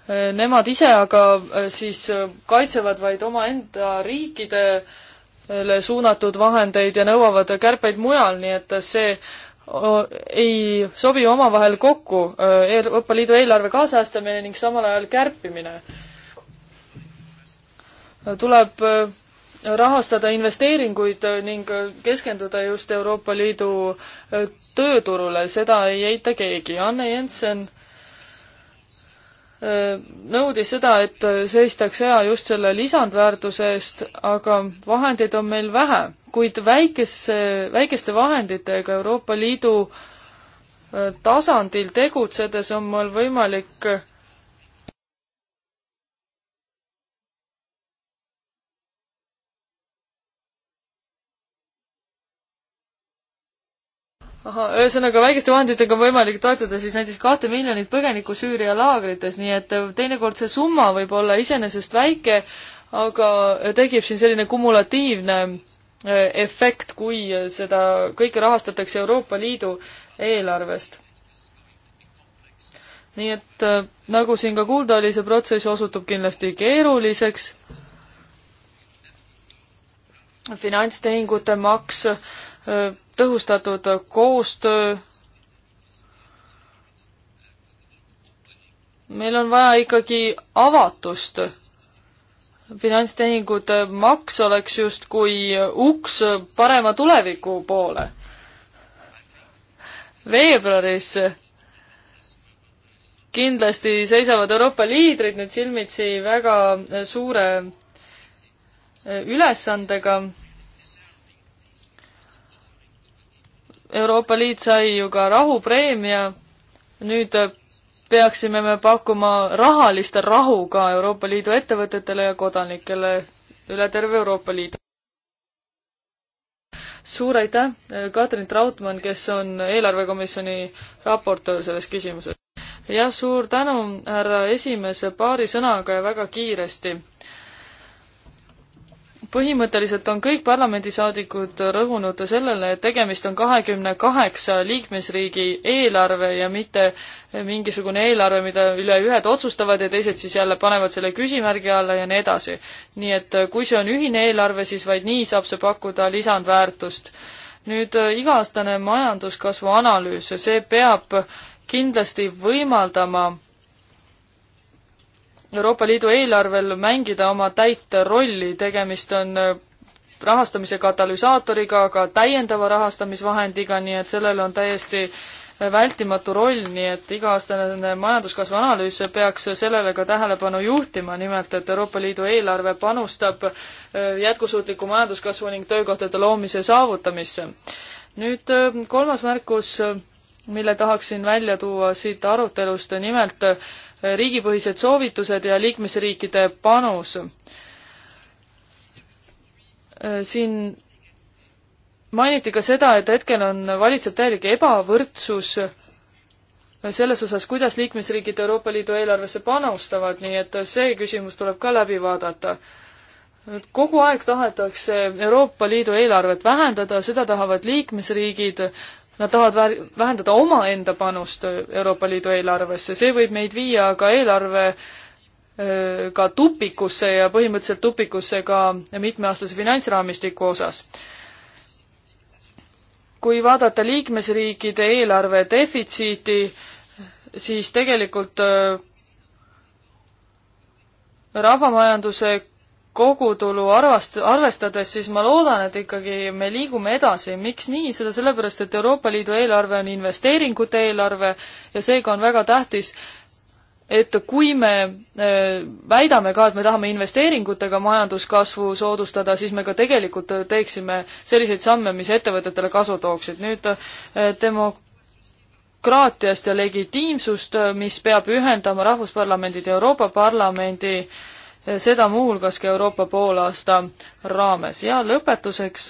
Äh, nemad ise aga äh, siis äh, kaitsevad vaid omaenda riikidele suunatud vahendeid ja nõuavad kärpeid mujal, nii et see ei sobi omavahel kokku, Euroopa Liidu eelarve kaasajastamine ning samal ajal kärpimine. tuleb rahastada investeeringuid ning keskenduda just Euroopa Liidu tööturule, seda ei eita keegi. Anne Jensen äh, nõudis seda, et seistaks hea just selle lisandväärtuse eest, aga vahendeid on meil vähe, kuid väikese, väikeste vahenditega Euroopa Liidu äh, tasandil tegutsedes on mul võimalik äh, ahah, ühesõnaga väikeste vahenditega on võimalik toetada siis näiteks kahte miljonit põgenikku Süüria laagrites, nii et äh, teinekord see summa võib olla iseenesest väike, aga äh, tekib siin selline kumulatiivne äh, efekt, kui seda kõike rahastatakse Euroopa Liidu eelarvest. nii et nagu siin ka kuulda oli, see protsess osutub kindlasti keeruliseks. finantstehingute maks tõhustatud koostöö. meil on vaja ikkagi avatust. finantstehingute maks oleks justkui uks parema tuleviku poole. veebruaris kindlasti seisavad Euroopa liidrid nüüd silmitsi väga suure ülesandega Euroopa Liit sai ju ka rahupreemia, nüüd peaksime me pakkuma rahalist rahu ka Euroopa Liidu ettevõtetele ja kodanikele üle terve Euroopa Liidu. suur aitäh, Katrin Trautmann, kes on eelarvekomisjoni raportöör selles küsimuses. jah, suur tänu, härra esimees, paari sõnaga ja väga kiiresti põhimõtteliselt on kõik parlamendisaadikud rõhunud sellele, et tegemist on kahekümne kaheksa liikmesriigi eelarve ja mitte mingisugune eelarve, mida üle ühed otsustavad ja teised siis jälle panevad selle küsimärgi alla ja nii edasi. nii et kui see on ühine eelarve, siis vaid nii saab see pakkuda lisandväärtust. nüüd äh, iga-aastane majanduskasvu analüüs, see peab kindlasti võimaldama Euroopa Liidu eelarvel mängida oma täit rolli, tegemist on äh, rahastamise katalüsaatoriga, aga täiendava rahastamisvahendiga, nii et sellel on täiesti äh, vältimatu roll, nii et iga-aastane majanduskasvu analüüs peaks sellele ka tähelepanu juhtima, nimelt et Euroopa Liidu eelarve panustab äh, jätkusuutliku majanduskasvu ning töökohtade loomise saavutamisse. nüüd kolmas märkus, mille tahaksin välja tuua siit arutelust, nimelt riigipõhised soovitused ja liikmesriikide panus. siin mainiti ka seda, et hetkel on, valitseb täielik ebavõrdsus selles osas, kuidas liikmesriigid Euroopa Liidu eelarvesse panustavad, nii et see küsimus tuleb ka läbi vaadata. kogu aeg tahetakse Euroopa Liidu eelarvet vähendada, seda tahavad liikmesriigid, Nad tahavad vähendada omaenda panust Euroopa Liidu eelarvesse, see võib meid viia ka eelarve ka tupikusse ja põhimõtteliselt tupikusse ka mitmeaastase finantsraamistiku osas kui vaadata liikmesriikide eelarve defitsiiti, siis tegelikult rahvamajanduse kogutulu arvast-, arvestades, siis ma loodan, et ikkagi me liigume edasi. miks nii? seda sellepärast, et Euroopa Liidu eelarve on investeeringute eelarve ja seega on väga tähtis, et kui me äh, väidame ka, et me tahame investeeringutega majanduskasvu soodustada, siis me ka tegelikult teeksime selliseid samme, mis ettevõtetele kasu tooksid. nüüd äh, demokraatiast ja legitiimsust, äh, mis peab ühendama Rahvusparlamendid ja Euroopa Parlamendi äh, seda muuhulgas ka Euroopa poolaasta raames ja lõpetuseks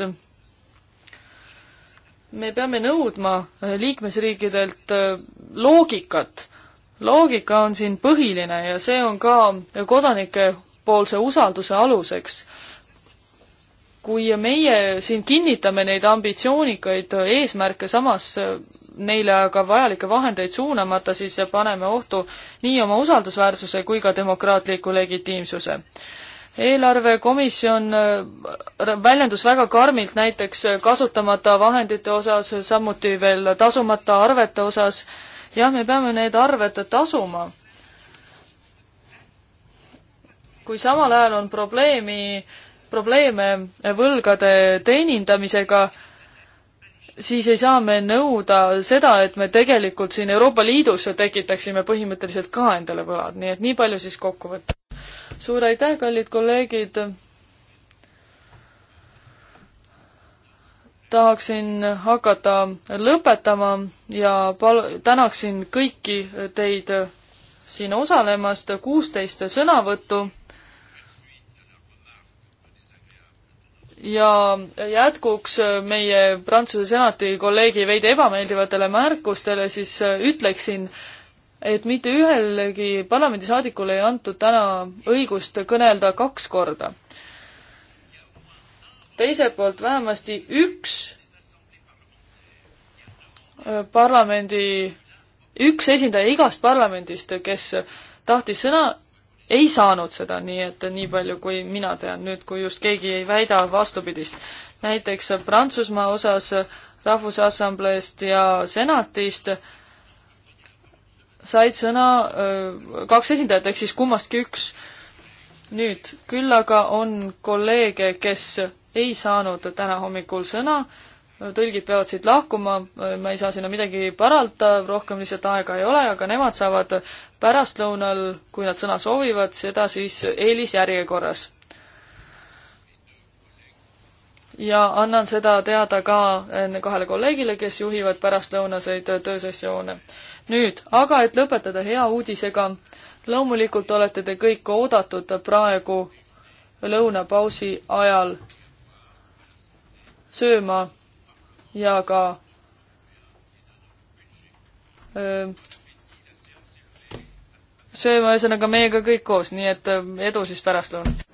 me peame nõudma liikmesriikidelt äh, loogikat. loogika on siin põhiline ja see on ka kodanike poolse usalduse aluseks. kui meie siin kinnitame neid ambitsioonikaid eesmärke, samas äh, neile aga vajalikke vahendeid suunamata, siis paneme ohtu nii oma usaldusväärsuse kui ka demokraatliku legitiimsuse eelarvekomisjon äh, väljendus väga karmilt näiteks kasutamata vahendite osas, samuti veel tasumata arvete osas. jah, me peame need arved tasuma. kui samal ajal on probleemi, probleeme võlgade teenindamisega, siis ei saa me nõuda seda, et me tegelikult siin Euroopa Liidus tekitaksime põhimõtteliselt ka endale võlad, nii et nii palju siis kokkuvõttes. suur aitäh, kallid kolleegid! tahaksin hakata lõpetama ja pal-, tänaksin kõiki teid siin osalemast, kuusteist sõnavõttu ja jätkuks meie Prantsuse senati kolleegi veidi ebameeldivatele märkustele, siis ütleksin, et mitte ühelegi parlamendisaadikule ei antud täna õigust kõnelda kaks korda. teiselt poolt vähemasti üks parlamendi, üks esindaja igast parlamendist, kes tahtis sõna ei saanud seda, nii et nii palju, kui mina tean nüüd, kui just keegi ei väida vastupidist. näiteks Prantsusmaa osas Rahvusassambleest ja Senatist said sõna öö, kaks esindajat, ehk siis kummastki üks. nüüd, küll aga on kolleege, kes ei saanud täna hommikul sõna, tõlgid peavad siit lahkuma, ma ei saa sinna midagi paralda, rohkem lihtsalt aega ei ole, aga nemad saavad pärastlõunal, kui nad sõna soovivad, seda siis eelisjärjekorras. ja annan seda teada ka kahele kolleegile, kes juhivad pärastlõunaseid töösessioone. nüüd, aga et lõpetada hea uudisega, loomulikult olete te kõik oodatud praegu lõunapausi ajal sööma ja ka sööma ühesõnaga meiega kõik koos, nii et edu siis pärastlõunat!